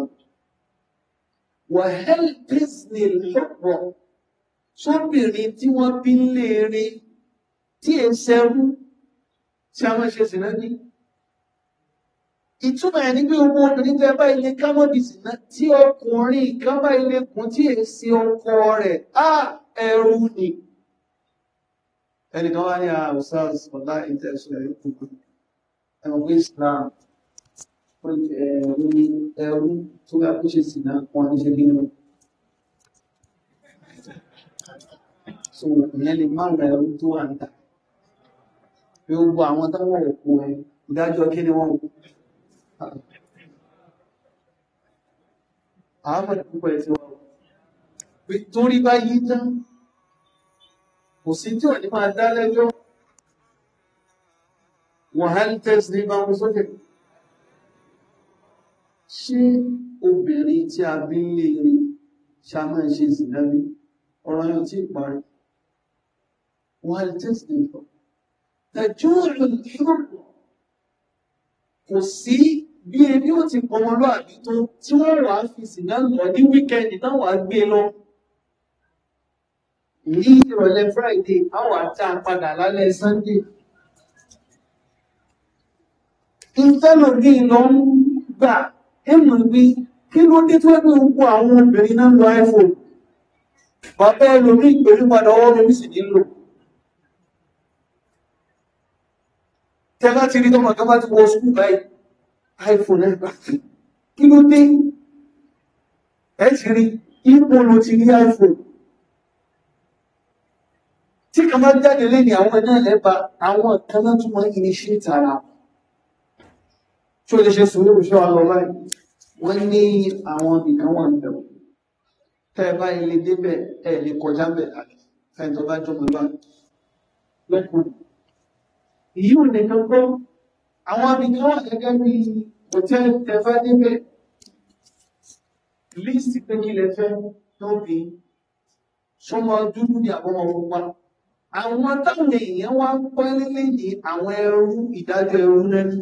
B: wàhálì disney lọ́pọ̀ sóbìnrin tí wọ́n bí ń léèrè tí ẹ ṣẹ́rú tí a máa ṣe sí ní ìtumọ̀ ẹni bí owó obìnrin tẹ bá ilé kámọ́dìsì náà tí ọkùnrin kan bá ilé kún tí èsì ọkọ rẹ̀ á ẹrù ni ẹnìkan wá ní àwùsá ah, ọ̀la ìtẹ̀sọ̀ ẹ̀kùnkù ẹ̀wọ̀n pé Islam ẹ̀rù ẹ̀rù tó bá kó ṣe sì náà wọn ní ṣe bí nù so ìyẹn lè má ra ẹrù tó wà ń tà bí àwọn táwọn òkú ẹ ìdájọ́ kí ni wọ́n kú आप púpọ̀ पैसे tí wọ́n pé torí bá yí tán kò sí tí ò ní máa dá lẹ́jọ́ wàhálì tẹ́sí ní bá wọn sókè ṣé obìnrin tí a bí ń lè rí ṣá máa ṣe ìsìnlábí ọ̀rọ̀ yóò tí ì parí wàhálì tẹ́sí ní bá tẹ̀jú ìlú kò sí bí ebi ó ti pọ̀ wọn lọ́àbí tó tí wọ́n wàá fi sìnà lọ ní wíkẹ́ndì táwọn wàá gbé lọ. ní ìrọ̀lẹ́ Friday àwọn àtà padà lálẹ́ Sunday. ìfẹ́lòdì lọ ń gbà ẹ̀mọ̀ bí kí ló dé tó ní gbogbo àwọn obìnrin náà lọ iPhone. bàbá ẹlòmí ìpèrí padà ọwọ́ mi sì ní lò. tẹ́lá ti rí tọmọ tó bá ti wọ sukùl báyìí iphone ẹgbà kí ló dé ẹ ti rí ipò ló ti rí iphone tí kan bá jáde lé ní àwọn náà lẹ́ba àwọn kan náà tún máa ń initiate ara wọn tí o lè ṣe sùúrù ṣé wàá lọ báyìí wọ́n ní àwọn nìkan wà níbẹ̀ wọ́n tẹ́ ẹ bá ilé débẹ̀ ẹ lè kọjá bẹ̀ láti fẹ́ẹ́ tó bá jọmọ bá lọ́kùnrin yìí ò nìkan gbọ́ àwọn abìkan wà gẹ́gẹ́ bí òtẹ́ tẹfẹ́ níbẹ̀ líìsì pé kí lẹ fẹ́ tó bí sọmọ dúdú ní àbọmọ pupa àwọn táwọn èèyàn wá ń pẹ́ nílé ní àwọn ẹrú ìdájọ́ ẹrú lẹ́nu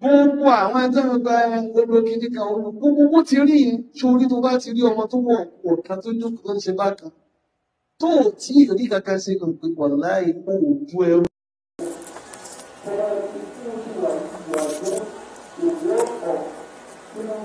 B: gbogbo àwọn ẹjọ́rùn gba gbogbo kìíní kan gbogbo gbogbo ti rí yẹn sórí tó bá ti rí ọmọ tó wọ̀ ọ̀kan tó jókòó tó ń ṣe bákan tó ò tí ì kankan ṣe kò pé wọ̀láì kó òjú ẹrú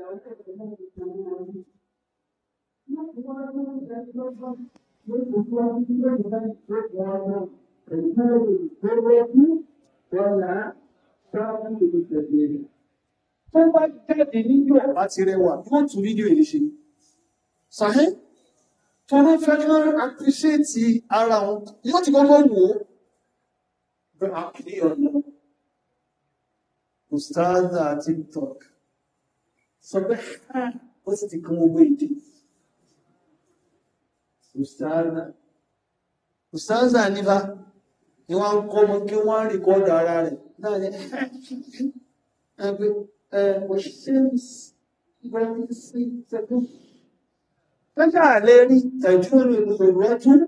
A: 聊这个那个什么，
C: 那时候就是说说，为什么因为你们
B: 学习啊，很多的国际国难，商务的这些。tó bá jáde nínú ọ̀pá ti rẹwà bí wọ́n tún fídíò yìí ṣe ṣàhẹ́ tó bá fẹ́ kán apíṣẹ́ẹ̀tì ara wọn yóò ti kọ́kọ́ wò ó bẹ́ẹ̀ àkìlẹ̀ ọ̀nà ustaz àti sọ pé ha ó sì ti kan gbogbo èdè ustaza ustaza nífa ni wọ́n ń kọ́ mọ kí wọ́n rìkọ́dù ara rẹ̀ náà ni ẹgbẹ́ ẹ òṣìṣẹ́ ìgbàlódé sí ìtẹ́gbẹ́. Tọ́jà lè rí ìtẹ̀jú ìrọ̀rọ̀ tún.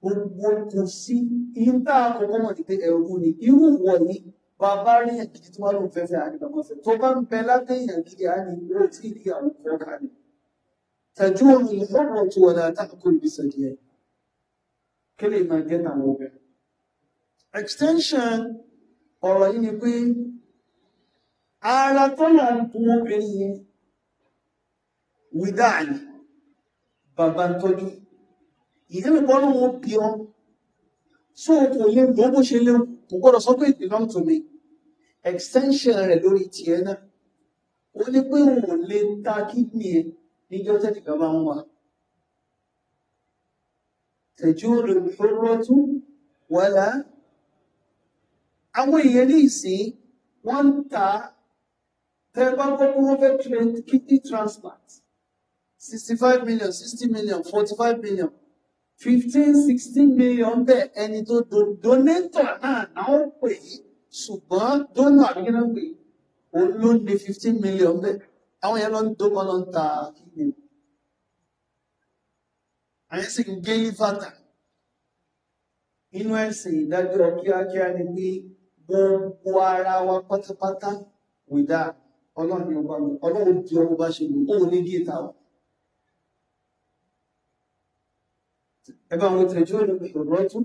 B: Gbogbo kò sí ìyíntà àkọ́kọ́ mọ̀ ní ẹ̀rù ni irú wọ̀ ni bàbá rí ẹ̀kìtì tí wọ́n lò fẹ́fẹ́ àdìgbàmọ́fẹ́ tó bá ń bẹ lábẹ́ èèyàn gidi á ní ìwé tí ìdí àwọn kan kà ní. tẹ̀jú omi ìfọ̀rọ̀ tó wọ̀nà àtàkùn olùbíṣẹ̀ díẹ̀ kí lè máa gẹ́ àwọn obìnrin. extension ọ̀rọ̀ yìí ni pé ara tó là ń bu obìnrin yẹn wídáàlì bàbá ń tọ́jú ìdí mi bọ́ bí ọ sóòkù yẹn ló bó ṣe léwu kò gbọ́dọ̀ sọ pé it belong to me extension rẹ̀ lórí tiẹ̀ náà ó ní pé òun lè ta kidney ẹ̀ níjọ́ tẹ́tì kan máa ń wà. tẹ̀júrò ìfowópamọ́tú wàlá àwọn èèyàn ní ìsìn wọ́n ń ta tẹ́gbà gbogbo wọn fẹ́ kidney transplant sixty five million sixty million forty five million fifteen sixteen million bẹ́ẹ̀ ẹni tó do donator náà àwọn pè é ṣùgbọ́n donor àbíkínà pè é òun ló ní fifteen million bẹ́ẹ̀ àwọn yẹn lọ ń dókọ́ lọ ń ta kíni o àyẹ̀ sì ń gé lífàtà inú ẹ̀sìn ìdájọ́ kíákíá ni pé gbogbo ara wa pátápátá wìdá ọlọ́run ọba mi ọlọ́run di ọmọ bá ṣe lò ó ní bí ìta wa. ẹgbẹ́ àwọn tẹ̀jọ́nù ìrọ́tún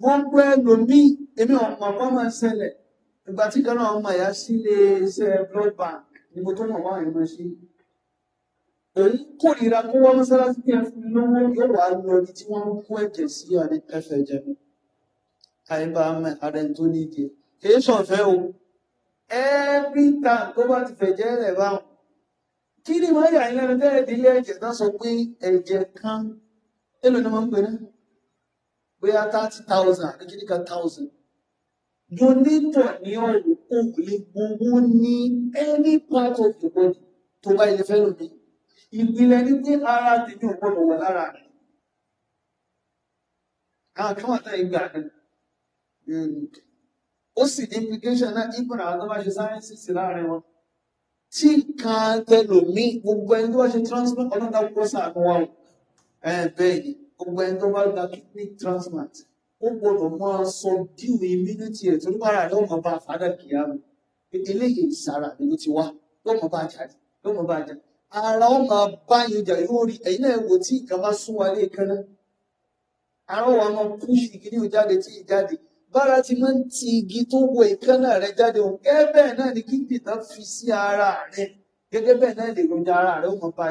B: gbogbo ẹlòmí èmi ọ̀pọ̀ ọ̀pọ̀ máa ṣẹlẹ̀ ìgbà tí kan náà ọmọ ìyá sílé iṣẹ́ blood bank ni mo tó mọ̀ wá àyẹ̀mọ́ sí òun kórìíra kó wọ́n mọ́sálásí kí ẹ fún mi lówó yóò wá lọ ibi tí wọ́n kó ẹ̀jẹ̀ sí àdé ẹ̀fẹ̀ ẹ̀jẹ̀ mi àyíbá ààrẹ tó nídìí kì í ṣọ̀fẹ́ o every time tó bá ti fẹ̀jẹ̀ rẹ̀ báwọn kí ni máa yà ilẹ̀ tẹ́lẹ̀ dílé ẹ̀jẹ̀ tán sọ pé ẹ̀jẹ̀ kan èlò ni wọ́n ń pè náà bóyá thirty thousand àbí kí thousand donator ní ọ̀rọ̀ kò lè gbowó ní any part of the body tó bá ilé fẹ́ lòdì ìpìlẹ̀ ní pé ara tèmi ò gbọ́dọ̀ wà lára rẹ̀ àwọn kan wà táyé gbà rẹ̀ ó sì ní implication náà ibùdó àwọn tó bá ṣe sáyẹ́nsì sí láàrin wọn tí kan tẹlòmí gbogbo ẹni tó bá ṣe transplant ọlọ́dà pọ́sà àánú wa o bẹ́ẹ̀ ni gbogbo ẹni tó bá gba kidney transplant ó gbọdọ̀ máa sọ díù immunity ẹ̀ torí wàrà rẹ̀ ọmọ bá fàdà kìá mi eléyìí sára ni ló ti wá lọ́mọ bá jáde lọ́mọ bá jáde ara ó máa bá yín jà yóò rí ẹ̀yin náà wò tí ìkan sún wa lé kan náà ara ó wà máa púṣì kí ìjáde tí ìjáde bára ti máa ń ti igi tó wo ìkánná rẹ jáde òun gẹ́gẹ́ bẹ́ẹ̀ náà ni kíkì tán fi sí ara rẹ gẹ́gẹ́ bẹ́ẹ̀ náà lè ròjà ara rẹ ó mọ bá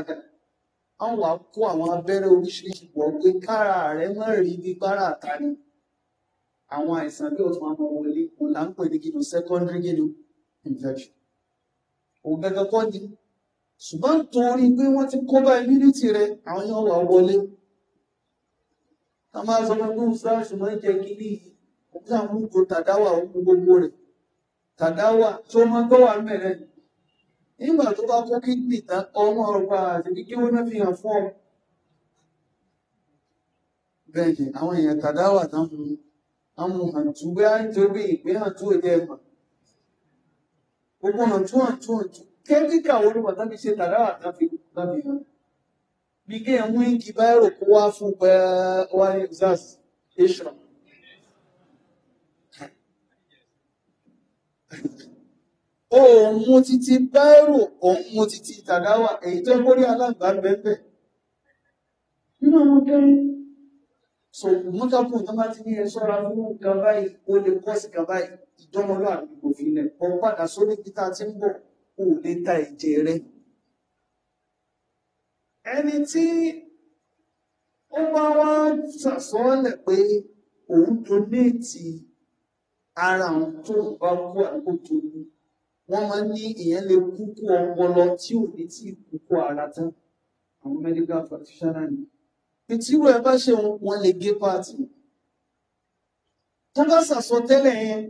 B: àwọn wàá kó àwọn abẹ́rẹ́ oríṣiríṣi pọ̀ pé kára rẹ má rí bí bára àta ni àwọn àìsàn bí ọ̀tún àwọn wọlé òun là ń pè ní kíni secondary kíni infection òun gẹ́gẹ́ kọ́ ni ṣùgbọ́n torí pé wọ́n ti kó bá immunity rẹ àwọn yóò wà wọlé. ká máa sọ fún un sáà ṣùgbọ́n jẹ́ kí yìí tí àwọn kò tàdáwà ogun gbogbo rẹ̀ tàdáwà tó máa ń gbọ́wà mẹ́rẹ̀ ni nígbà tó bá kó kíndì tán ọmọ ọgbà àti kíkí wọn fi hàn fún ọ. bẹ́ẹ̀ ni àwọn èèyàn tàdáwà tán mú àwọn hàǹtú bẹ́ẹ̀ nítorí ìpín hàǹtú òde ẹ̀mà gbogbo hàǹtú hàǹtú hàǹtú kẹ́míkà olùmọ̀ tán fi ṣe tàdáwà tán fi hàn bí kéèyàn mú igi báyìí rò kó wá fún pẹ́ẹ́ wáyé zaz ishram mu títí báírò òun mu títí tàdáwà èyí tó mórí alábàábẹ́ẹ́bẹ́ nínú àwọn kẹrin so mọ́tàkùn tó bá ti ní ẹ sọ́ra fún nǹkan báyìí ó lè bọ́ sí nǹkan báyìí ìdánmọ́lá àdúgbò fi lẹ̀ bọ́ padà sórí kíta tí ń bọ̀ kó o lè ta ẹ̀jẹ̀ rẹ. ẹni tí ó bá wá sàsọ́ọ́lẹ̀ pé òun donéètì ara òun tó bá kú àkókò ní wọ́n máa ń ní èèyàn lè kúkú ọpọlọ tí ò ní tí kúkú ara tán àwọn medical practitioner ni ìtírú ẹ bá ṣe wọn lè gé páàtì tó bá ṣàsọtẹ́lẹ̀ yẹn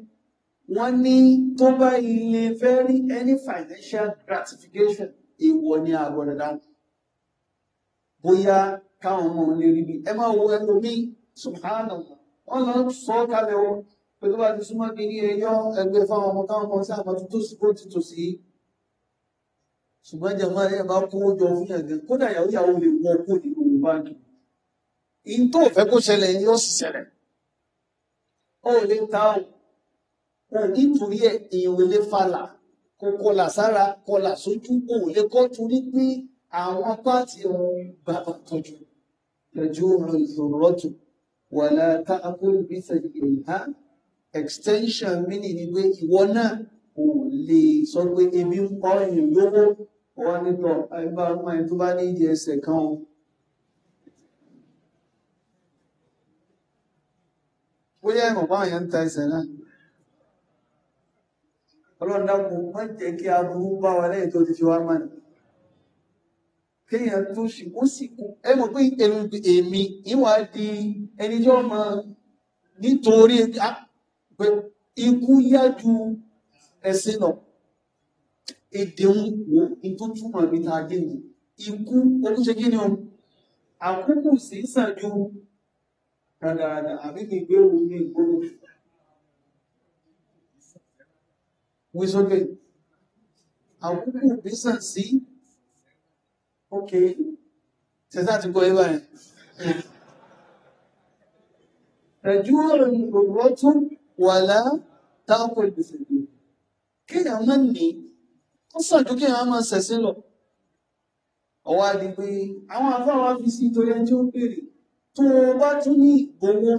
B: wọ́n ní tó bá ilé fẹ́ rí any financial gratification ìwọ ni àgbọ̀dọ̀ dáhùn bóyá káwọn ọmọ wọn lè rí bí ẹ máa wo ẹlòmíì subhanallah wọ́n lọ sọ ọ kalẹ̀ wọn pé tó bá ti súnmọ́ kí ní ẹyọ́ ẹgbẹ́ fáwọn ọmọ káwọn ọmọ sí àmọ́tún tó sì bóti tò sí ṣùgbọ́n jẹ́ máa bá kó jọ fún ẹ̀gẹ́ kódà ìyàwó ìyàwó lè wọ kó nínú òun báńkì in tó fẹ́ kó ṣẹlẹ̀ ni ó sì ṣẹlẹ̀ ó lè ta ò nítorí ẹ̀ èèyàn lè falà kó kọlà sára kọlà sójú ò lè kọ́ torí pé àwọn pàtì òun bàbá tọ́jú tẹ̀jú òun ìṣòro extension mini ni pé ìwọ náà kò lè sọ pé ebi ń kọ́ èèyàn lówó wọn nítọ ẹgbàrún ẹni tó bá ní ìdí ẹsẹ̀ kan o. bóyá ẹ̀mọ̀ bá àyàn ń ta ẹsẹ̀ náà ọlọ́run dákun má jẹ́ kí aburú bá wa lẹ́yìn tó ti fi wá mọ́ni kéèyàn tó ṣì ó sì kú ẹ mọ̀ pé èmi ìwà di ẹni tí wọ́n mọ nítorí ẹni pé ikú yá ju ẹ̀sìn lọ èdè ń wo tó túmọ̀ ní ta ayé ni ikú oúnjẹ kí ni o àkókò sí sàn ju ràdàràdà àbí kí gbé ohun ní ìgbóhùn wíṣọ́gbẹ̀ àkókò bí sàn sí ok tẹ̀sà ti gbọ́ ẹwà rẹ̀ ẹ̀jú ọ̀rọ̀ ìgbòho tún wàlá táwọn olùsè lè kéèyàn máa ní ó sàn ju kéèyàn máa ṣẹ̀sìn lọ. ọwọ́ adi pé àwọn afáwọn fi sí torí ẹjọ́ béèrè tó o bá tún ní ìgbowó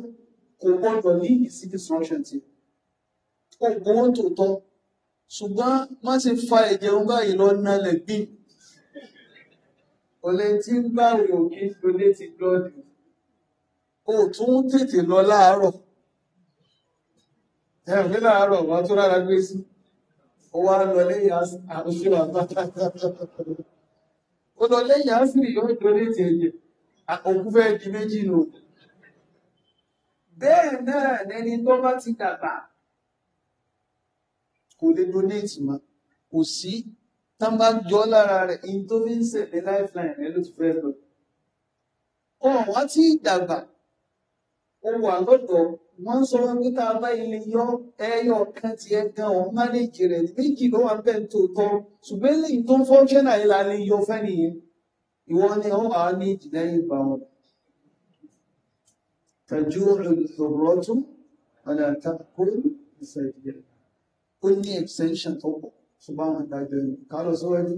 B: kò gbọdọ̀ ní ìsídìsọ́nṣẹ̀ tí kò gbowó tòótọ́ ṣùgbọ́n má ṣe fa ìjẹun báyìí lọ nálẹ̀ gbìn. ọ̀lẹ́ tí ń báwò òkè lóde ti gbọ́dọ̀ o tún tètè lọ láàárọ̀ ẹ̀rùn ní àárọ̀ wọ́n tó rárá gbé sí ó wá lọ lẹ́yìn àrùsí wà bá ó lọ lẹ́yìn àásìrì yóò dorí ètò ẹ̀jẹ̀ òkú fẹ́ di méjì nù bẹ́ẹ̀ náà lẹni tó bá ti dàgbà kò lè donate mọ́ kò sí tá bá jọ lára rẹ̀ in tó fi ń sẹ̀lẹ̀ lifeline rẹ̀ ló ti fẹ́ lọ ọ̀hún wá tí dàgbà ó wà lọ́dọ̀ọ́ wọ́n sọ pé tá a bá ilé yọ ẹyọ kan tiẹ̀ gan ọ̀hún mánéjì rẹ̀ méjì ló wà ń bẹ̀ tó tọ́ ṣùgbọ́n eléyìí tó ń fọ́nṣẹ́nà yìí la lè yọ fẹ́ nìyẹn ìwọ ni ó wà ní ìjìnlẹ́yìn ìgbà wọn. tẹ̀jú olùsọ̀rọ̀ tún ọ̀nà àtàkó ìṣẹ̀lẹ̀ ó ní extension tó pọ̀ ṣùgbọ́n àwọn ìdájọ́ yìí ká lọ síwájú.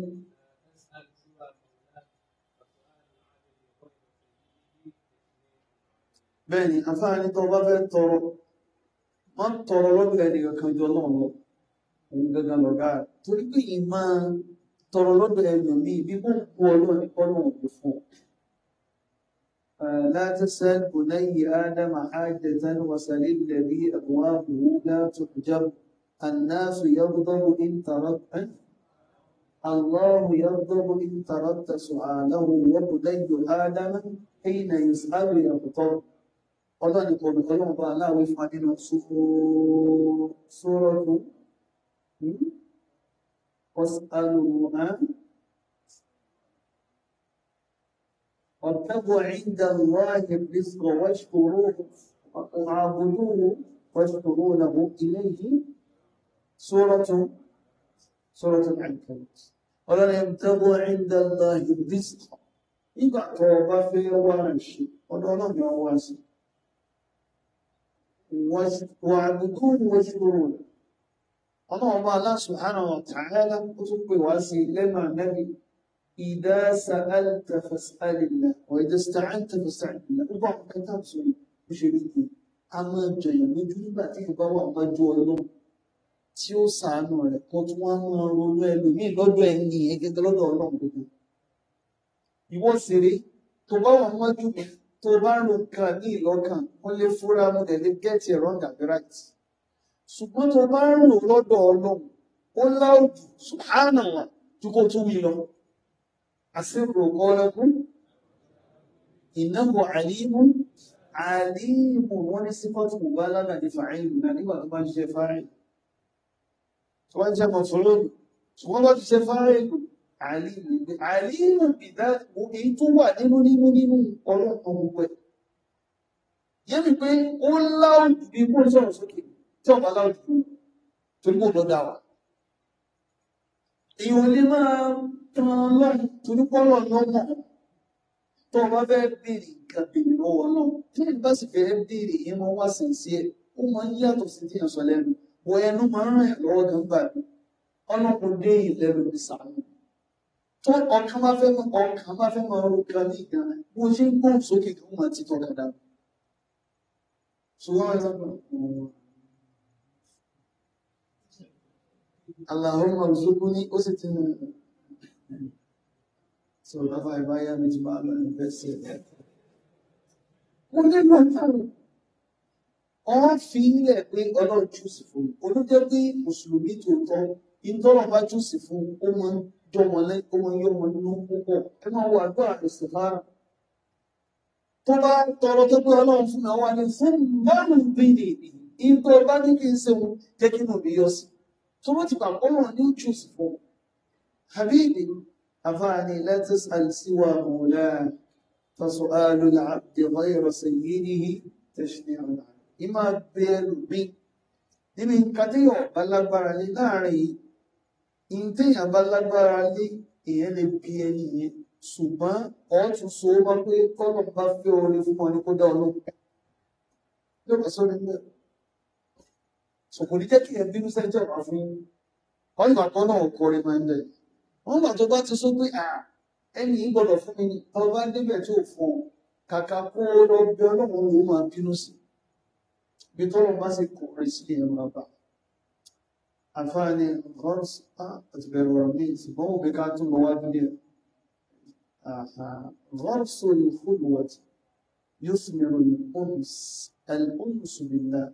B: بني أفاني طبابة طرو من طرو لبغاني وكان جولون لو ونقلن لغا تريد إيمان طرو لبغاني ومي بيبون قولون قولون بفون لا تسأل بني آدم حاجة وسل الذي أبوابه لا تحجب الناس يغضب إن ترد الله يغضب إن تردت سؤاله وبني آدم حين يسأل يغضب Hmm? ọlọ́ni kò ní ọlọ́run bá aláwọ̀ fún adínà sórọ́tù ọ̀sánùmọ̀án وابتغوا عند الله الرزق واشكروه وعبدوه واشكروا له إليه سورة سورة العنكبوت ولا يبتغوا عند الله الرزق إذا توبة في ورشي ولو لم يواسي wa'buduhu washkuru lahu ọlọ́run bá Allah subhanahu wa ta'ala ó tún pè wá sí lẹ́nu ànábì idha sa'alta fas'alillah wa idha ista'anta fasta'in billah ó bá ọ̀pẹ tá sọ ó ṣe rí kù a máa jọyàn lójú nígbà tí ìbá wà wájú ọlọ́run tí ó sàánú rẹ̀ kan tí wọ́n máa ronú ẹlòmíì lọ́dọ̀ ẹni yẹn gẹ́gẹ́ lọ́dọ̀ ọlọ́run gbogbo ìwọ tó bá wà wájú mi tó bá ń nǹkan ní ìlọ́kàn wọ́n lè fúra mo dẹ̀ lè gẹ́tì ẹ̀rọ gàbíráìt ṣùgbọ́n tó bá ń rò lọ́dọ̀ ọlọ́run ó láòdù subhanallah ju kó tún wí lọ àṣírò kọ́lẹ́kún ìnáwó àlímú àlímú wọ́n ní sífọ́tù kò bá ní fàáìlú náà nígbà tó bá ń ṣe fáìlú tó bá ń ṣe mọ̀tòlóòdù ṣùgbọ́n bá ti ṣe fáìlú àlímù ìdá èyí tó wà nínú nínú nínú ọlọ́pọ̀ gbogbo ẹ̀ yẹ́ mi pé ó láwùjù bí kó ń sọ̀rọ̀ sókè tí ọ̀pá láwùjù tó ní kò lọ́dà wà èyàn lè máa tan lọ́nà torí pọ́lọ̀ lọ́nà tó bá fẹ́ béèrè nǹkan béèrè lọ́wọ́ náà tí ẹ̀ bá sì fẹ́ béèrè yẹn máa wá sẹ̀nsì ẹ̀ ó máa ń yàtọ̀ sí tí yẹn lẹ́nu wọ ẹnu máa ń rìn lọ́wọ́ gan gbà ọlọ́kùnrin dé ìlẹ́rù ìsàmù tó ọkàn bá fẹ́ ọkàn bá fẹ́ máa ro kan ní ìgbàna bó ṣe ń gbóhùn sókè tó máa ti tọ́ka dá. ṣùgbọ́n ẹ̀rọ náà Allahumma rzuqni ó sì ti ń rìn. sọ láfa ìbáyá mi ti máa lọ ìfẹsẹ̀. mo ní bàtà rẹ̀ ọ̀rọ̀ fi ilẹ̀ pé ọlọ́run jù sí fún mi olùjẹ́ pé mùsùlùmí tòótọ́ ìtọ́lọ́ bá jù sí fún ó máa ń jó wọn lé kó wọn yó wọn nínú púpọ̀ ẹ máa wọ àdúrà ìsìnkára
C: tó bá tọrọ tó pé ọlọ́run
B: fún mi wà ní fún mọ́nù bìnnì ìgbẹ́ ọba ní kí n ṣe wọn jẹ́ kí n bí yọ sí tó bá ti pa ọlọ́run ní ojú fún un habibi afaani latis alisiwa mọ̀lá fasualu abdi ghayra sayyidihi tashni'u ìmọ̀ abẹ́ẹ̀lú mi níbi nǹkan tí ní láàrin yìí ìtẹ̀yàn bá lágbára lé èèyàn lè bi ẹni yẹn ṣùgbọ́n ọ̀ tún so ó bá pé kọ́nà bá fẹ́ orin fún ọ ní kó dá olóhùn yóò bá sórí mẹ́ ṣòkòrí jẹ́ kí ẹ bínú sẹ́jọ́ wà fún ọ̀n ìgbà kan náà kọrin máa ń lẹ̀ wọ́n gbà tó bá ti sọ pé ẹni yìí gbọ́dọ̀ fún mi ni ọba débẹ̀ tí ò fún ọ kàkà kó lọ bí ọlọ́run ló máa bínú sí ibi tọ́lọ́ bá sì kọrin sí ẹ̀rọ bàbá àfáà ní rọ́s àtìbẹ̀rù ọ̀rọ̀ ní ṣùgbọ́n òbí ká tún bọ̀ wájú ní rọ́s ò ní fúlùwọ̀t yóò sì mẹ́rù ní ọ̀hùs الأنس بالله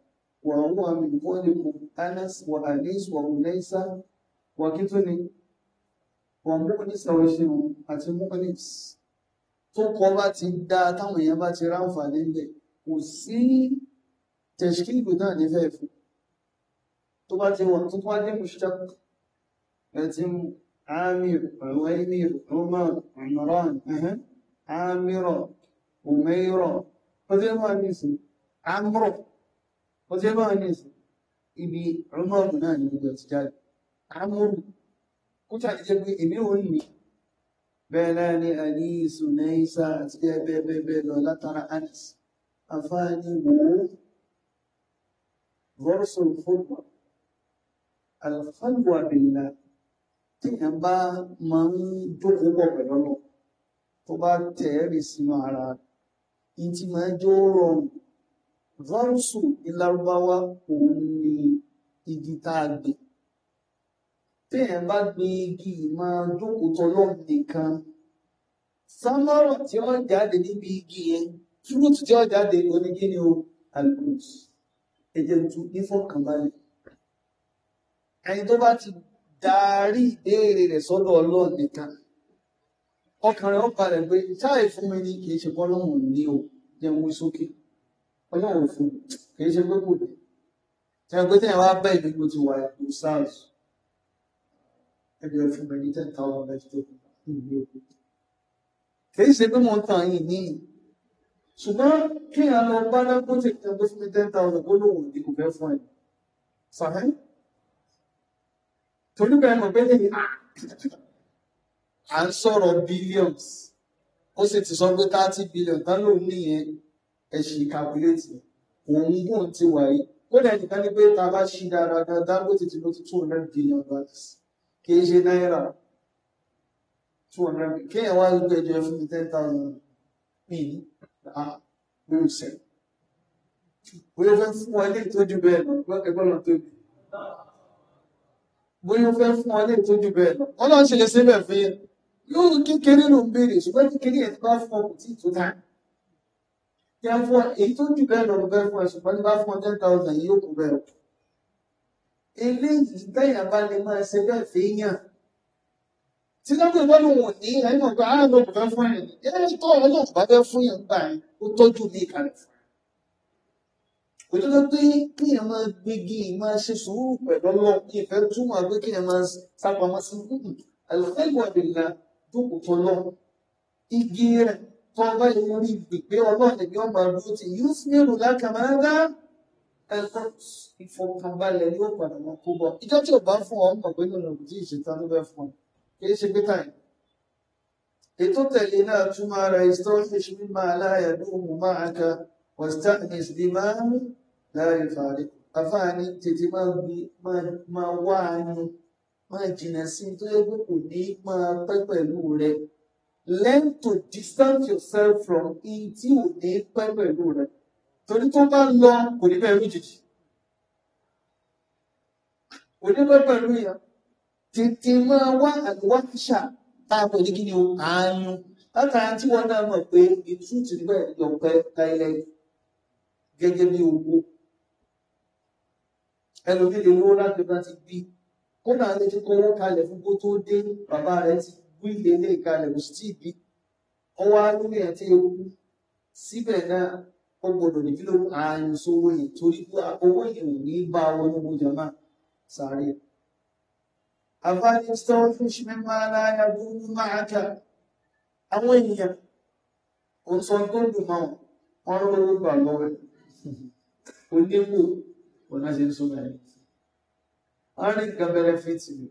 B: وهو من قولكم أنس وأنيس وأنيس وكتني ومؤنس وشن àti مؤنس tó kọ bá ti dá táwọn èèyàn bá ti ráǹfà nílẹ̀ kò sí tẹ̀ṣkìlù náà nífẹ̀ẹ́ fún طوباتي هو طوباتي مشتق لاتم عامر عويمر عمر عمران أهم عامرة أميرة هذا ما نسي عمرو هذا ما نسي إبي عمر نان يقول عمر كنت أجيب إبي وإني بلاني أليس نيسا أتجاب بي بي لا ترى أنس أفاني مو ضرس الخطبة àlùfáàlù àbìlà téèyàn bá máa ń jókòó bọ̀ pẹ̀lú ọ̀nà tó bá tẹ̀ ẹ́ rì sínú ara ní ti máa jó rọrùn rọ́ọ̀sù ìlarúbáwá òun ni igi tá a gbìn téèyàn bá gbin igi máa jókòó tọlọ́ọ̀ nìkan sámọ́rọ̀ tí wọ́n jáde níbi igi yẹn túrútù tí wọ́n jáde onígí o àlùkò ẹ̀jẹ̀ tún ní fọkànbalẹ̀ ẹni tó bá ti darí ìbéèrè rẹ̀ sọ́dọ̀ Ọlọ́run nìkan ọkàn rẹ̀ ó balẹ̀ pé ṣáàyè fún mi ní kì í ṣe bọ́lọ́hùn ní o jẹ́ ń wí sókè Ọlọ́run fún mi kì í ṣe pé kò dé tẹ́lẹ̀ pé tẹ́lẹ̀ wá bẹ́ ìlú mo ti wà ẹ̀kọ́ SARS ẹbí ẹ fún mi ní ten thousand bẹ́ẹ̀ tó kù ní kì í ṣe pé mo ń tàn yín ní ṣùgbọ́n kí n lọ bá lágbó tẹ̀kí tẹ̀ pé fún mi ten thousand gbólóhùn ní fẹ́ fún ẹ̀ sàmẹ́ torí bẹ́ẹ̀ mọ̀ pé ń sọ̀rọ̀ billions ó sì ti sọ pé thirty billion tán ló ní yẹn ẹ ṣì calculate òun bóun ti wà yìí ó lẹ́yìn nìkan ni pé tá a bá ṣí dáadáa Dangote ti ló ti two hundred billion dollars kì í ṣe náírà two hundred billion kéèyàn wá gbé ẹjọ́ fún mi ten thousand bíi lórí sẹ́yìn. wọ́n fẹ́ fún wọn ilé ìtọ́jú bẹ́ẹ̀ lọ ẹgbẹ́ tóbi bóyá ó fẹ́ fún ọ ní ìtọ́jú bẹ́ẹ̀ lọ ọlọ́run ṣe lè ṣe bẹ́ẹ̀ fún yẹn yóò kékeré ló ń béèrè ṣùgbọ́n kékeré yẹn ti bá fún ọ kò tí ì tó dáa kí á fún ọ èyí tó jù bẹ́ẹ̀ lọ bẹ́ẹ̀ fún ẹ ṣùgbọ́n tí bá fún ọ ten thousand yóò kú bẹ́ẹ̀ eléyìí bẹ́ẹ̀ yẹn bá lè máa ṣe bẹ́ẹ̀ fẹ́ yàn tí lọ́gbọ̀n ìwọ́n ló wọ̀n ní ẹ̀yìn ah, ọ̀gbà pẹ̀lú tó pé kí ẹ máa gbégi máa ṣe sùúrù pẹ̀lú ọlọ́run kí ìfẹ́ túmọ̀ pé kí ẹ máa sápamọ́ sí kúkú àlùfẹ́gbọ̀ àbẹ̀là dúkù tán náà igi rẹ̀ tán bá lè rí gbègbé ọlọ́run ẹ̀gbẹ́ ọmọ àdúró ti yóò sí èrò lákàmáńdá ẹ̀kọ́ ìfọkànbalẹ̀ yóò padà wọn kó bọ̀ ìjọ tí ò bá fún ọ mọ̀ pé nínú kò tí ló bẹ́ fún ọ kì í ṣe pé láàrin fàárí àfáàní tètè máa gbi máa wá ayun máa jìnnà sí tó yẹ pé kò ní máa pẹ́ pẹ̀lú rẹ learn to distance yourself from in tí ò ní pẹ́ pẹ̀lú rẹ torí tó bá lọ kò ní bẹ́ẹ̀ lójijì kò ní bẹ́ẹ̀ pẹ̀lú yẹn tètè máa wá àgbẹ̀wá ṣà tá a pè ní kí o ààyùn látara tí wọ́n náà mọ̀ pé ìtútù nígbà ìyọ̀pẹ́ káyẹ̀ gẹ́gẹ́ bí owó ẹlòmí lè wó láti bá ti bí kódà lè ti kọ́ wọ́n kalẹ̀ fún kó tó dé bàbá rẹ̀ ti wí ilé ilé ìkalẹ̀ kò sì tí ì bí ọwọ́ alúwẹ̀ àti ewu síbẹ̀ náà ó gbọdọ̀ ní kí ló ń ààyàn sówó yìí torí pé owó yìí ò ní bá wọn ní gbọdọ̀ náà sáré. àfáàní stonefish mímọ́ aláya burú máa ká àwọn èèyàn òǹsọ̀ tó dùn mọ́ wọn lọ́wọ́ gbà lọ́wọ́ onígbò ọ̀nà ṣe ń sọ bẹ̀rẹ̀. wọ́n rí nǹkan bẹ̀rẹ̀ fìtì mi.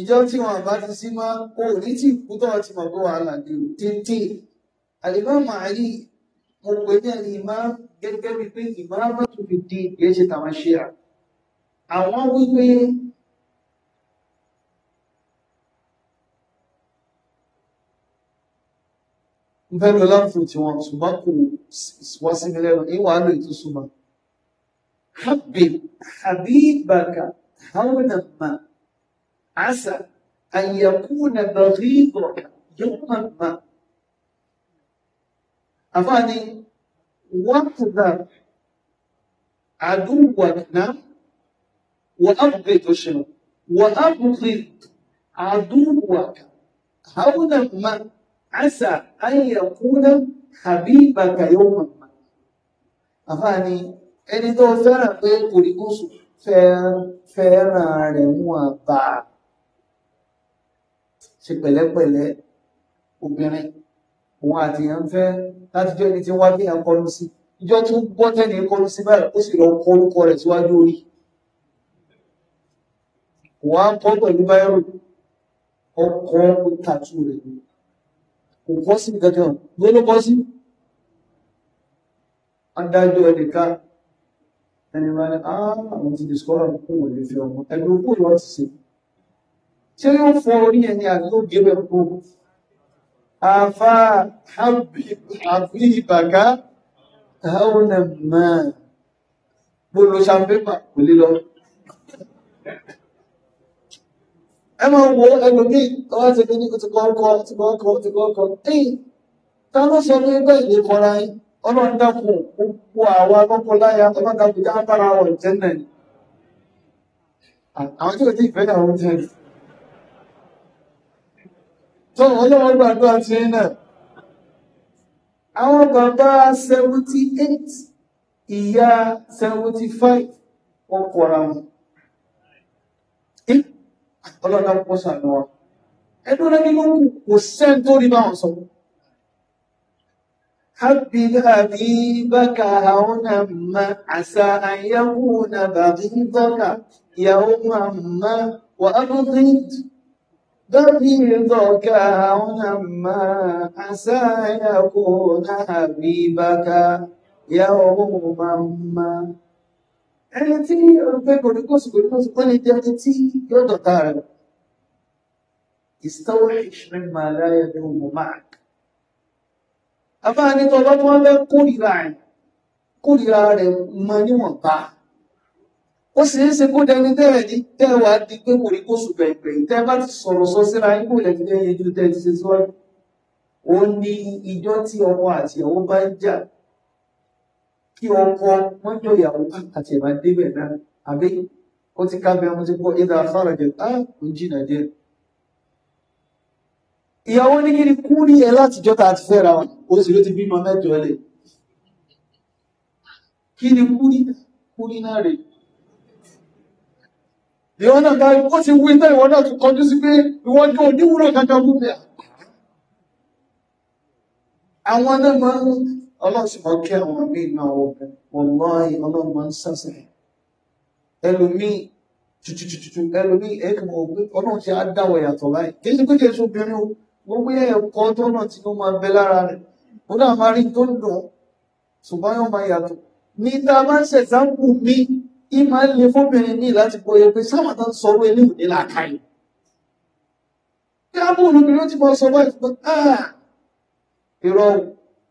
B: ìjọ tí wọn bá ti sí máa kó ní tí ìkú tó ti mọ̀ pé wàhálà dé o tètè. àlìmáàmù àlì mo pè ní ẹni ìmáà gẹ́gẹ́ bíi pé ìmáà bá tún fi di kì í ṣe حبب حبيبك هونا ما عسى أن يكون بغيضك يوما ما أفاني واحذر عدوك نعم وأبغض شنو وأبغض عدوك هونا ما عسى أن يكون حبيبك يوما ما أفاني ẹni tó fẹ́ràn pé kòríkòsù fẹ́ràn rẹ̀ mú àbá ṣe pẹ̀lẹ́pẹ̀lẹ́ obìnrin òun àti èèyàn fẹ́ láti jẹ́ ẹni tí wá bí èèyàn kọlu sí ìjọ tí ó gbọ́ tẹ́ni kọlu sí báyìí ó sì lọ kọ orúkọ rẹ̀ síwájú orí wọ́n á kọ́ pẹ̀lú báyọ̀rù ọkọ̀ tàtú rẹ̀ kò kọ́ sí nǹkan kan ló ló kọ́ sí adájọ́ ẹnìkan ẹni bá Ah, àwọn ti discover fún òní fi ọmọ ẹgbẹ́ òkú ìwọ ti ṣe ṣé yóò fọ orí ẹni àti ó gé bẹ́ẹ̀ kó afa àbíbàká àwọn ẹ̀mà gbọ́dọ̀ ṣàǹpépà kò lè lọ. ẹ máa wo ẹlòmíì ọwọ́ ti fi ní kó ti kọ́ ọkọ̀ ti kọ́ ọkọ̀ ti kọ́ ọkọ̀ ẹ̀yìn ta sọ pé bẹ́ẹ̀ lè kọ́ra yín ọlọ́run dákun gbogbo àwọn lọ́kọláya ọlọ́run dákun já bára wọn jẹ́ náà ni àwọn tí ó ti ìfẹ́ náà wọ́n jẹ́ ni tó ọlọ́run gbàdúrà ti rí náà àwọn bàbá 78 ìyá 75 wọ́n kọ̀ra wọn ọlọ́run dákun pọ̀ sànú wa ẹ̀dùn rẹ̀ nínú kò sẹ́ńtórí báwọn sọ̀rọ̀ حبب أبيبك هونا ما عسى أن يكون بغيضك يوما ما وأبغض بغيضك هونا ما عسى أن يكون حبيبك يوما ما استوحش مما لا يدوم معك afá ní tọ́lọ́ tí wọ́n fẹ́ kórìíra rẹ̀ kórìíra rẹ̀ mọ níwọ̀n bá ó sì ń ṣe kó dẹni tẹ́rẹ̀ ní tẹ́wà di pé kò rí kó sùn pẹ̀pẹ̀ tẹ́ bá ti sọ̀rọ̀ sọ síra yín kò lẹ́ni tẹ́ yẹjú tẹ́ ti ṣe síwájú ó ní ìjọ́ tí ọmọ àti ìyàwó bá ń jà kí ọkọ wọn jọ ìyàwó ah, àti ìbá débẹ̀ náà àbí ó ti ká bẹ́ẹ̀ ti gbọ́ ìdá afárajẹ á ah, ń jìnà díẹ̀ ìyàwó ní kí ni kú ní ẹ láti jọta àti fẹ́ra wọn ó sì ló ti bímọ mẹ́jọ ẹlẹ̀ kí ni kú ní kú ní náà rè ìwọ náà ká ó ti wí náà ìwọ náà ti kọjú sí pé ìwọ jọ oníwúrò kankan fún mi àwọn náà máa ń ọlọ́sùnmọ́ kí àwọn míì náà wọ́n máa ń ọlọ́mọ ń sàṣẹ̀ ẹlòmíì tutututu ẹlòmíì ẹ̀kọ́ ọlọ́run ti á dáwọ̀ yàtọ̀ báyìí kí ni kí gbogbo ẹ̀kọ́ tó náà tí ó máa bẹ lára rẹ̀ ó náà máa rí tó dùn ṣùgbọ́n yóò máa yàtọ̀ ní tá a máa ń ṣẹ̀sáǹpù mi í máa ń le fóbìnrin ní láti bọ ẹgbẹ́ sáwọn tó ń sọ̀rọ̀ eléwò ní làákàyè káàbù olóbìnrin ló ti bọ́ sọ báyìí pé ah! irọ́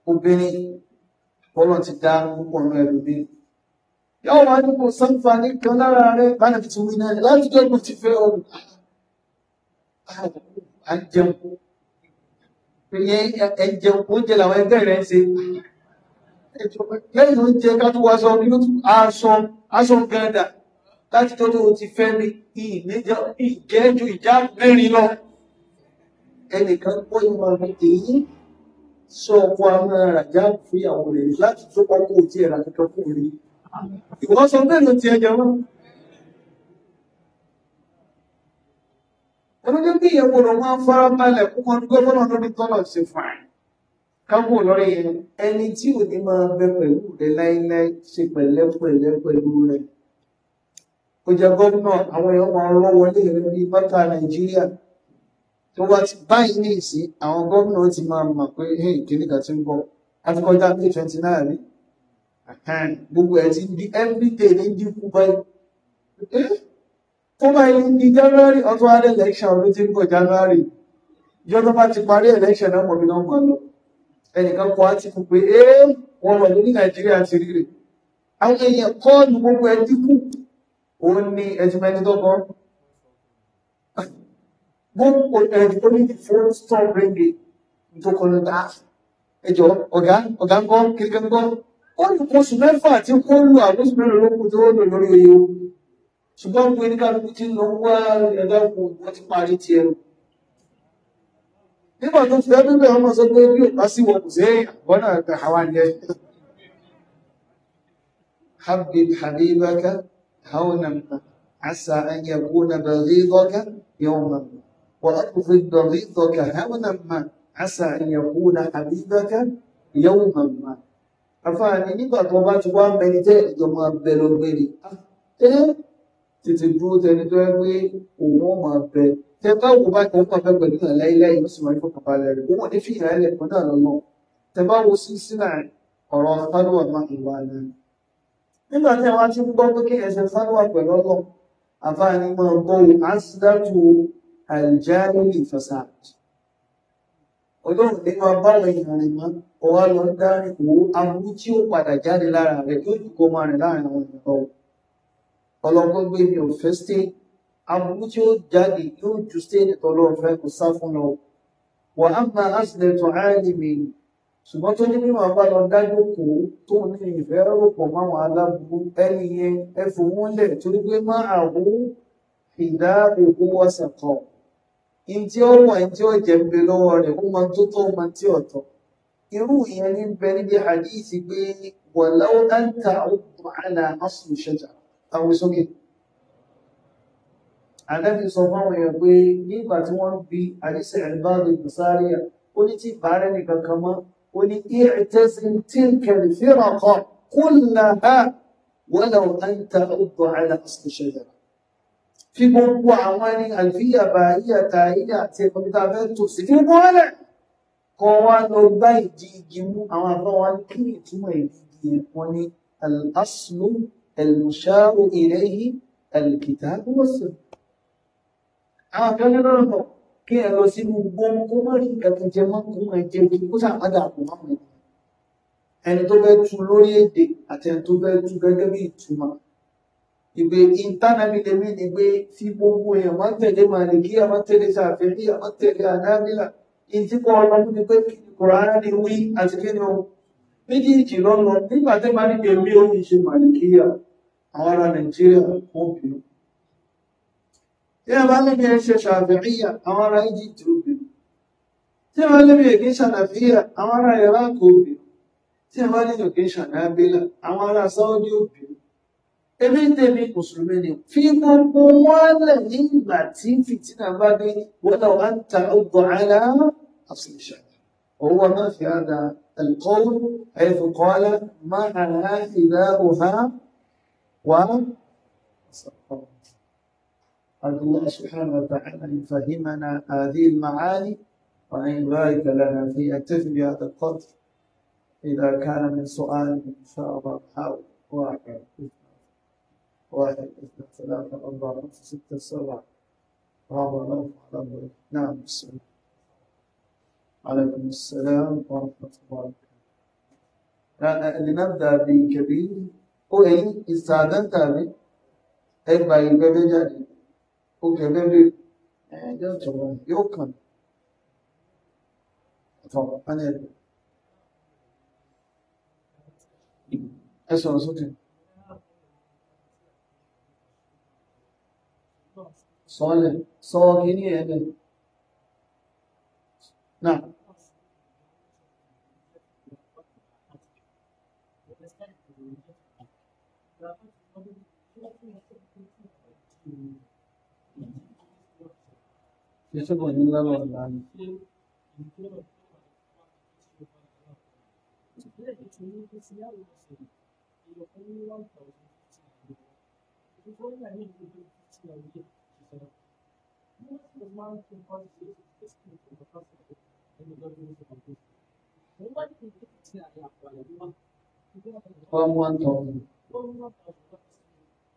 B: obìnrin bọ́lọ̀ ti dá púpọ̀ ọ̀rọ̀ ẹ̀rù bí yóò máa ní kò kan lára rẹ̀ bánà ti wí náà láti jọ́ ìgbò ti fẹ́ ọ̀rùn ah! ah! àjẹun pèlè ẹjẹun oúnjẹ làwọn ẹgbẹ́ rẹ̀ ń ṣe lẹ́yìn oúnjẹ ká tó wá sọ nínú aṣọ aṣọ gẹ́dà láti tó tó ti fẹ́ mi ìjẹ́ ju ìjà mẹ́rin lọ ẹnìkan kó ìmọ̀ mi èyí sọ ọkọ àwọn àràjá fún ìyàwó rẹ̀ láti tó kọ́kọ́ òtí ẹ̀rà kankan fún mi ìwọ́n sọ bẹ́ẹ̀ ló ti ẹjẹ wọn olójú bí ìyẹ̀wò rẹ̀ wọ́n fara balẹ̀ kó wọn gbé fọ́nà lórí tọ́lọ̀ sí fún ẹ̀ kábò lórí yẹn ẹni tí ò ní máa bẹ pẹ̀lú rẹ̀ láíláí ṣe pẹ̀lẹ́ pẹ̀lẹ́ pẹ̀lú rẹ̀ kò jẹ́ gómìnà àwọn èèyàn máa rọ́ wọlé rẹ̀ bí mọ́tà nàìjíríà tó wá ti báyìí ní ìsín àwọn gómìnà ti máa mọ̀ pé hey kìnìún kan ti ń bọ̀ àti kọjá pé twenty nine rí gbogbo ẹ̀ ti di everyday ní dínkù báyìí. Eh? tó bá ilé di january ọtún wá election ọdún tí ń bọ̀ january ìjọ tó bá ti parí election náà mọ̀ mí náà kọ́ lọ ẹnìkan kọ́ á ti fún pé ẹ wọn mọ̀ ní nàìjíríà ti rí rè àwọn èèyàn kọ́ ní gbogbo ẹ dínkù òun ni ẹtìmẹ́ni tó kọ́ gbogbo ẹ̀dì tó ní ti fún storm ringe tó kọ́ ló dá ẹjọ́ ọ̀gá ọ̀gá ń kọ́ kíríkẹ́ ń kọ́ ó ní oṣù mẹ́fà tí kó lu àwọn olókùn tó lò lórí oyè o ṣùgbọ́n gbogbo oníkálukú tí ń lọ wá ẹ̀dọ́kùn wọ́n ti parí ti ẹrù nígbà tó fẹ́ bíbẹ̀ ọmọ sọ pé bí òpá sí wọn kò sí àgbọ́nà ẹ̀kà àwa ni ẹ habib habibaka haunanka asa an yakuna baghidaka yawman wa aqbid baghidaka asa an yakuna habibaka yawman ma nígbà tó bá ti wá mẹni tẹ́ ìjọba bẹ̀rẹ̀ ògbèrè tètè dúró tẹni tó yẹ pé òun ó máa bẹ tẹpẹ òun bá tẹ ọkọ àfẹgbẹ nínú láíláí ó sì máa fọkànbalẹ̀ rẹ òun ní fìyà ẹlẹ kan náà lọ lọ tẹpẹ wo sí sílà ọ̀rọ̀ fáwọn ọmọ ìwà náà nígbà tí àwọn ti ń gbọ́ pé kí ẹsẹ fáwọn pẹ̀lú ọlọ àfààní máa bọ àṣìdájú àìjáàlì fasad olóhùn ní máa bá àwọn èèyàn rìn mọ ọwọ́ lọ ń dárí aburú tí ó padà jáde lára rẹ yóò dùkọ máa rìn láàrin àwọn ènìyàn ọlọ́gbọ́n gbé mi ò fẹ́ stay aburú tí ó jáde yóò ju stay nìkan lọ́wọ́ fẹ́ kò sá fún lọ. wà á máa aṣèlè tó áàlì mi ṣùgbọ́n tó ní bí màá bá lọ dájú kó tó ní ìfẹ́ rò pọ̀ máwọn aláburú ẹni yẹn ẹ fòun lẹ̀ torí pé má àwọ̀ ìdá òkú ọ̀sẹ̀ kan ìdí ọmọ ìdí ọ̀jẹ̀ ń bẹ lọ́wọ́ rẹ̀ ó máa tó tó máa tí ọ̀tọ̀ irú ìyẹn ní bẹ níbi àdíyìí ti gbé wọ̀lọ́wọ́ dáńtà ó kùn àlà àwọn sókè àdáfi sọ fáwọn èèyàn pé nígbà tí wọ́n bi àdísẹ̀ ẹ̀lbáàdì bùsáríà ó ní tí bàárẹ̀ nìkan kan mọ́ ó ní ìrìtẹ́sìn tí ń kẹrì fíra kọ kúlàá wọ́lọ̀ ẹ̀ńtà ọ̀dọ̀ àdàkùsùn ṣẹ̀dá fi gbogbo àwọn kan wá lọ gbá ìdí igi mú àwọn àbáwọn kí ìtumọ̀ ìdí igi ní al المشار إليه الكتاب والسنة àwọn ọ̀rọ̀ náà kí ẹ lọ sínú gbọ́n kó má rí kankan jẹ mọ́ kó máa jẹ kí kó sàmádà kó má mọ̀ ẹni tó fẹ́ tu lórí èdè àti ẹni tó fẹ́ tu gẹ́gẹ́ bí ìtumọ̀ ìgbé ìntánàbí lèmi ni pé fi gbogbo èèyàn máa ń tẹ̀lé màlìkí àmọ́ tẹ̀lé sàfẹ́rí àmọ́ tẹ̀lé àdábílà ìtí kọ́ ọlọ́dún ni pé kòránà ni wí àti kí ni o méjì ìjì lọ́nà nígbà tẹ́ máa ń gbé mi ó fi ṣe màlìkí àmọ́ àwọn ará Nàìjíríà wọ́n bínú tí a bá lẹ́bí ẹ̀ ṣe ṣàfihàn àwọn ará Egypt ó bínú tí a bá lẹ́bí ẹ̀ kí ṣàlàfíà àwọn ará Iraq ó bínú tí a bá lẹ́bí ẹ̀ kí ṣàlàbílà àwọn ará Saudi ó bínú ebi ń tẹ̀lé mùsùlùmí ni fi gbogbo wọn lẹ̀ nígbà tí fìtínà bá dé wọ́n lọ wá ń ta ọgbọ̀n ara àṣìṣà و أرجو الله سبحانه وتعالى أن يفهمنا هذه المعاني وأن يبارك لنا في أكتفي بهذا القدر إذا كان من سؤال إن شاء الله نحاول واحد واحد اثنين ثلاثة أربعة خمسة ستة سبعة رابعة رابعة نعم السلام عليكم السلام ورحمة الله وبركاته لنبدأ بكبير ẹ̀yìn ìsàdẹ́ta mi ẹgbà ìgbẹ́lẹ́ jáde ó gẹ̀lẹ́ lé yóò kàn ẹ sọ̀rọ̀ sókè sọ́ọ̀lẹ̀ sọ́ọ̀kì ní ẹ̀lẹ̀ Ne?
A: Eso es una verdad.
C: Form 1,000.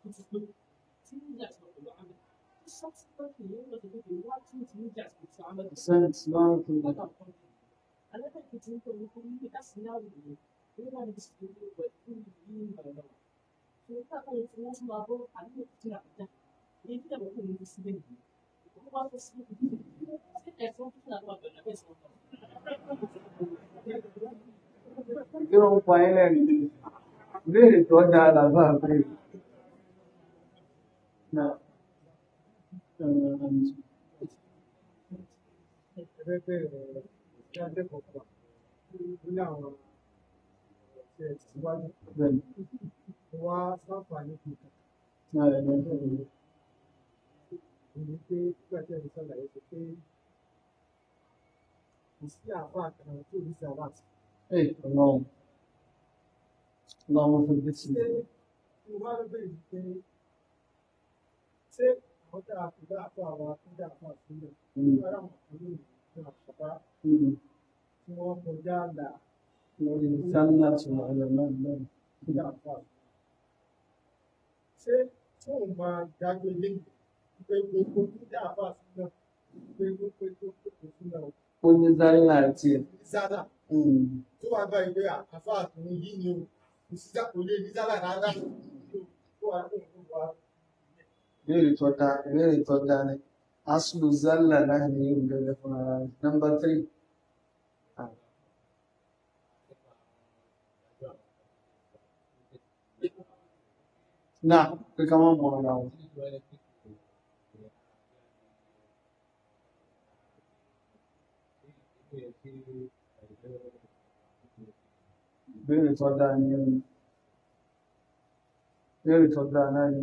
C: Santos, Malcolm.
B: Yóò pa ẹlẹ́rìí, ìbéèrè está com làbá àbúrò. No. Um, wá sáfàní kankan. Ìlú pé pẹ́ẹ́tẹ́
C: mi sọ̀rọ̀ yìí pé kò sí àbá kan tó ní sí àbá tí.
B: Ẹ ọlọ́run ọlọ́run fún bí tí. Ṣé
A: ìwádìí bẹ́ẹ̀ ni pé ṣé wọ́n tẹ́ àkùdá àpò àwọn àkùdá àpò àkùdá nígbàdà mọ̀kúrú ní àpapá tí wọ́n kọjá àgbà. lórí sálà tí wọ́n lọ náà lọ́nà àkùdá àpò àkùdá. ṣé tóun máa dájú ilé pé gbogbo àkùdá àpò àkùdá
B: pé gbogbo gbogbo àkùdá o. ó ní sálà àti ẹ̀. sálà hmm. tó wàá gba ìwé àkàfà àtúnyí ni o kò sí sá kò lè ní sálà rárá tó wàá lóun. ìbéèrè tó dáa ìbéèrè tó dáa ni aslu zalla náà ní ìgbẹ́lẹ̀ fún ara rẹ̀ number three.
A: náà pé ká wọ́n mọ ara wọn. ìbéèrè
B: tó dáa ni ìbéèrè tó dáa náà ni.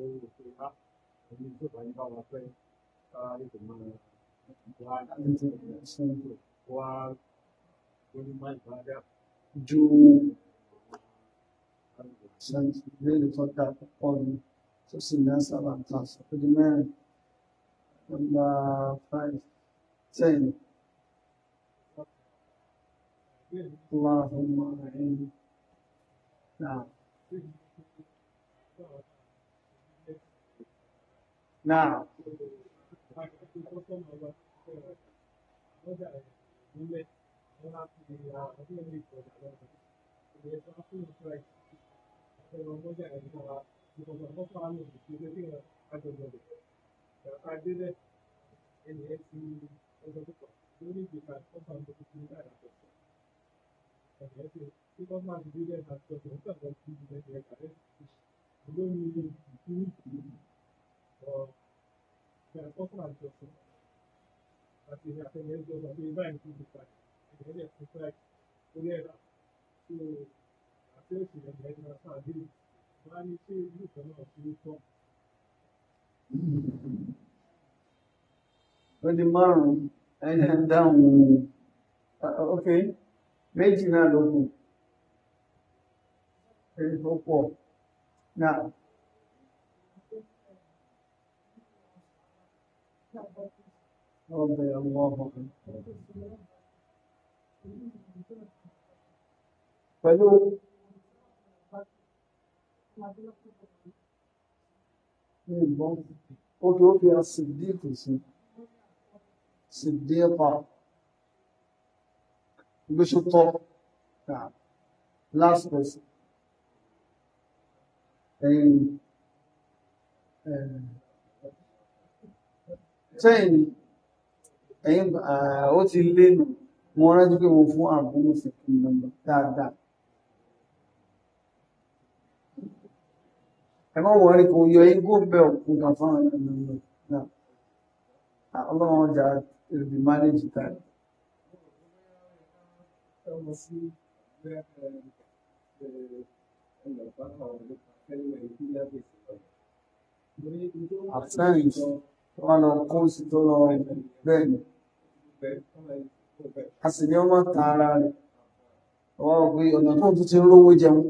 A: òun ò ṣe bá ẹni tó bá ń bá wa fẹ́ sára lè tó máa wá sílẹ̀ wá lórí
B: ni tó sì ní sábà ń ta sọ pé di اللهم امين نعم náà.
C: Thank Pero poco más yo
A: sí. Así que hace meses yo también iba a intentar. En el hospital pudiera su hacer si le diera la salud. Va a decir, yo no lo siento.
B: ó di márùn ok méjì náà ló kù èyí tó pọ̀
A: رضي الله عنه
B: pẹ̀lú ìbọn ó fi ó fi hàn sídìkù sí sídìkù gbéṣótọ́ last person ẹ̀yìn ẹ̀yìn sẹ́yìn ẹ̀yìn ó ti lénu mo rántí pé mo fún àbúrò fìkì nọ́mbà dáadáa. ẹ má wọrí kò yọ igbó bẹ́ẹ̀ òkú kan fáwọn ẹ̀yìn nọ́mbà náà ọlọ́run ọjà ìrìbì mánéjì táyà.
A: Absence
B: wọn lọ kó sí tó lọ bẹ́ẹ̀ ni a sì ní wọn ta ara rẹ̀ wọn gbé ọ̀nà tó tún ti ń rówó jẹun.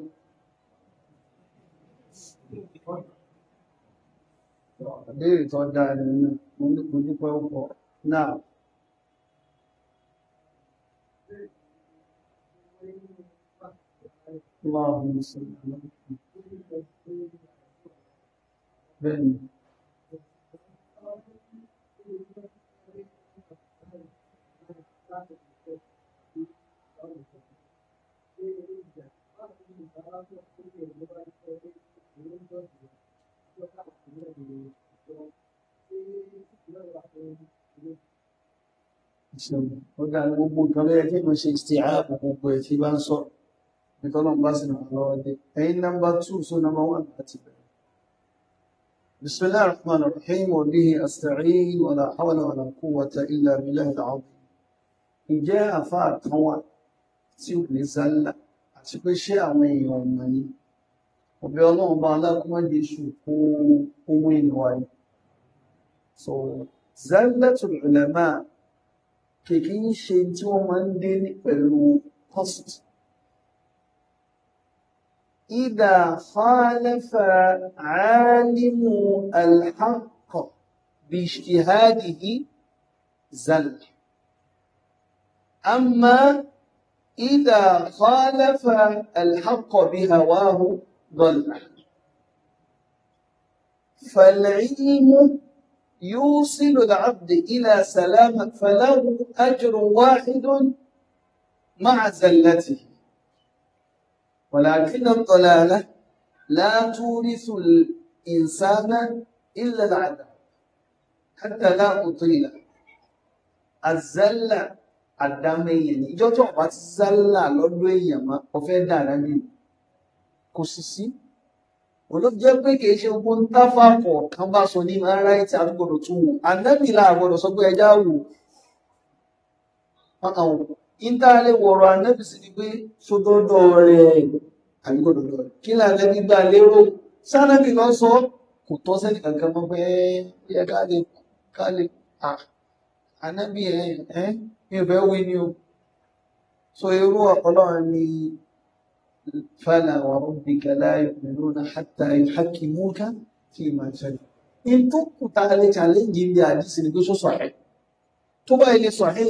B: Béèrè tó dáa nínú mo ní kò dúpẹ́ ọ̀gá gbogbo nǹkan ló yẹ kí mo ṣe ìsìtìháàbù gbogbo ẹ̀ tí bá ń sọ nítorí bá sì ràn lọ́wọ́ dé ẹ̀yìn nọ́mbà 2 so nọ́mbà 1 àti bẹ̀rẹ̀ بسم الله الرحمن الرحيم وبه أستعين ولا حول ولا قوة إلا بالله العظيم إن جاء فاق خوان tí ò ní sálá àti pé ṣé àwọn èèyàn ọmọ ni ọbẹ̀ ọlọ́run bá alákùnmọ́dé ṣù kó owó ìwà ni so zallatul ulama kìkì ń ṣe tí wọ́n máa ń dé ní pẹ̀lú cost ìdá khalafa alimu alhaq bishihadihi zalla amma إذا خالف الحق بهواه ضل فالعلم يوصل العبد إلى سلامة فله أجر واحد مع زلته ولكن الضلالة لا تورث الإنسان إلا العذاب حتى لا أطيل الزلة àdámẹ́ èèyàn ní ìjọ tí ọ̀pá ti sálà lọ́dọ̀ èèyàn má ọ̀fẹ́ dára ní kò sí sí olóòjẹ́ pé kìí ṣe gbogbo ń táfà kọ̀ọ̀kan bá sọ ní máa ráyé tí a ti gbọdọ̀ tún wò ànábì la àgbọdọ̀ sọ pé ẹja wò ọkàn wò ìntàlẹ̀ wọ̀rọ̀ ànábì sí ni pé sódọ́dọ̀ rẹ̀ àbí gbọdọ̀ rẹ̀ kí láàrín ẹni gbà lérò sánábì lọ sọ kò tọ́ sẹ́ni kankan mọ́ pé ẹ yẹ ká lè ká lè ànábì ẹ ẹ́ ìbẹ̀ wí ni o so irú ọlọ́run ni fala wa rabbika la yu'minuna hatta yuhakkimuka fima shajara in tó kùtà lè challenge ní àdísì ní gbéṣọ́ sọ̀hẹ́ tó bá ilé sọ̀hẹ́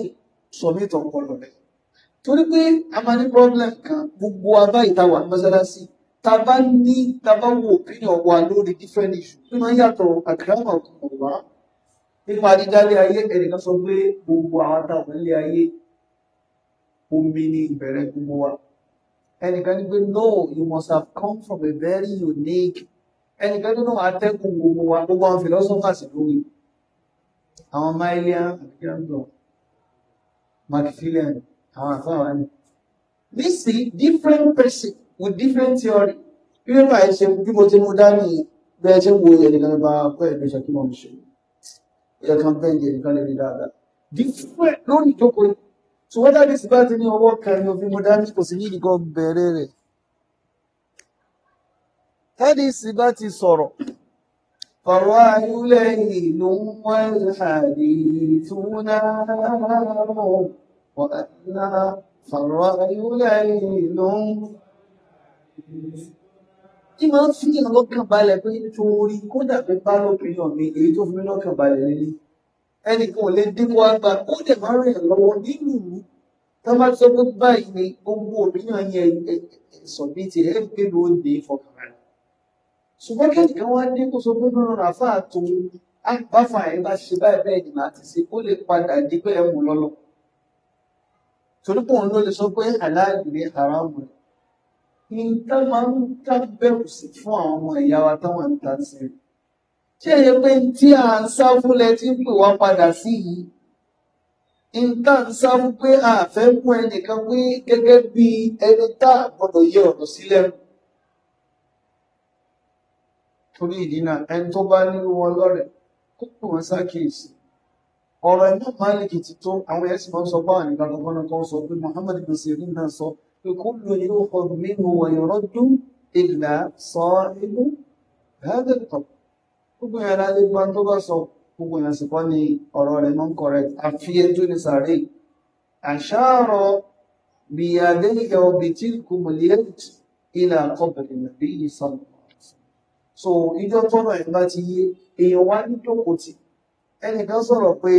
B: sọ̀mí tọ̀pọ̀lọ̀ rẹ̀ torí pé a máa ní problem kan gbogbo abá ìtawà mọ́sálásí ta bá ní ta bá wo opinion wa lórí different issue pé máa ń yàtọ̀ àkàrà ọ̀gbọ̀n nípa jíjálé ayé ẹnìkan sọ pé gbogbo àwọn táwọn ilé ayé omi ni ìbẹ̀rẹ̀ gbogbo wa ẹnìkan ní pé no you must have come from a very unique ẹnìkan nínú atẹ́kùn gbogbo wa gbogbo àwọn philosophers lórí àwọn mailian àbíkẹ́ńdọ̀ macfillan àwọn àfáwọn ẹni nísìnyí different person with different theory bí wọ́n bá ẹ ṣe bí mo ti mú dání bẹ́ẹ̀ ṣe ń wo ẹnìkan bá kọ́ ẹ̀ lóṣà kí wọ́n ṣe ẹ̀kan bẹ́ẹ̀jì nǹkan lè rí dáadáa different lórí ìjókòó yìí so whether this bá ti ní ọwọ́ kan ni òfin mo dání kò sí ní ìdíkọ́ bẹ̀rẹ̀ rẹ̀ tẹ́lifísì bá ti sọ̀rọ̀ fọ̀rọ̀ ayúlẹ̀ ìlú wọn àdì túná fọ̀rọ̀ ayúlẹ̀ ìlú tí máa ń fi hàn lọ́kàn balẹ̀ pé nítorí kódà pé bá lópinọ̀ mi èyí tó fi mí lọ́kàn balẹ̀ nílé ẹnìkan ò lè dínkù àgbà kódà máa rìn lọ́wọ́ nínú mi tó bá sọ pé báyìí ni gbogbo òmíràn yẹn ẹ̀sọ̀ bíi ti ẹ̀ pé ló ń dé fọkàn rẹ̀ ṣùgbọ́n kẹ́nìkan wá dínkù sọ pé lọ́rùn àfáà tó báfà ẹ̀ bá ṣe báyìí bẹ́ẹ̀ ni màá ti ṣe kó lè padà dípẹ́ ẹ̀ mú lọ́lọ́ torí òun ló lè sọ pé aláàgbèrè haramu rẹ̀ nǹkan máa ń ká bẹ̀rù sí fún àwọn ọmọ ìyá wa táwọn ń ta sí i. ṣé ẹ pé tí à ń sá fúnlẹ̀ tí ń pè wá padà sí yìí nǹkan ń sá fún pé a fẹ́ mú ẹnìkan pé gẹ́gẹ́ bí ẹni tá a gbọ́dọ̀ yẹ ọ̀rọ̀ sílẹ̀. torí ìdí náà ẹni tó bá nínú wọn lọ́rẹ̀ kó pè wọ́n sákìyèsí ọ̀rọ̀ ẹ̀ náà máa ń lè kìtì tó àwọn ẹ̀sìn máa ń sọ báwọn ìgbàlódé kan sọ pé Muhammad bin Sirin náà sọ فكل يؤخذ منه ويرد إلا صاحب هذا القبر gbogbo yàrá lè gba tó bá sọ gbogbo yàrá sì kọ́ ni ọ̀rọ̀ rẹ̀ non correct àfi ẹjọ́ ní sàárè àṣàrọ̀ bìyàdé ìyá ọbẹ̀ tí kò mọ̀ ilà kọbẹ̀rẹ̀ nàbí ìsàlọ̀ so ìjọ tọ́nà ẹ̀ bá ti yé èèyàn wá ní dókòtì ẹnìkan sọ̀rọ̀ pé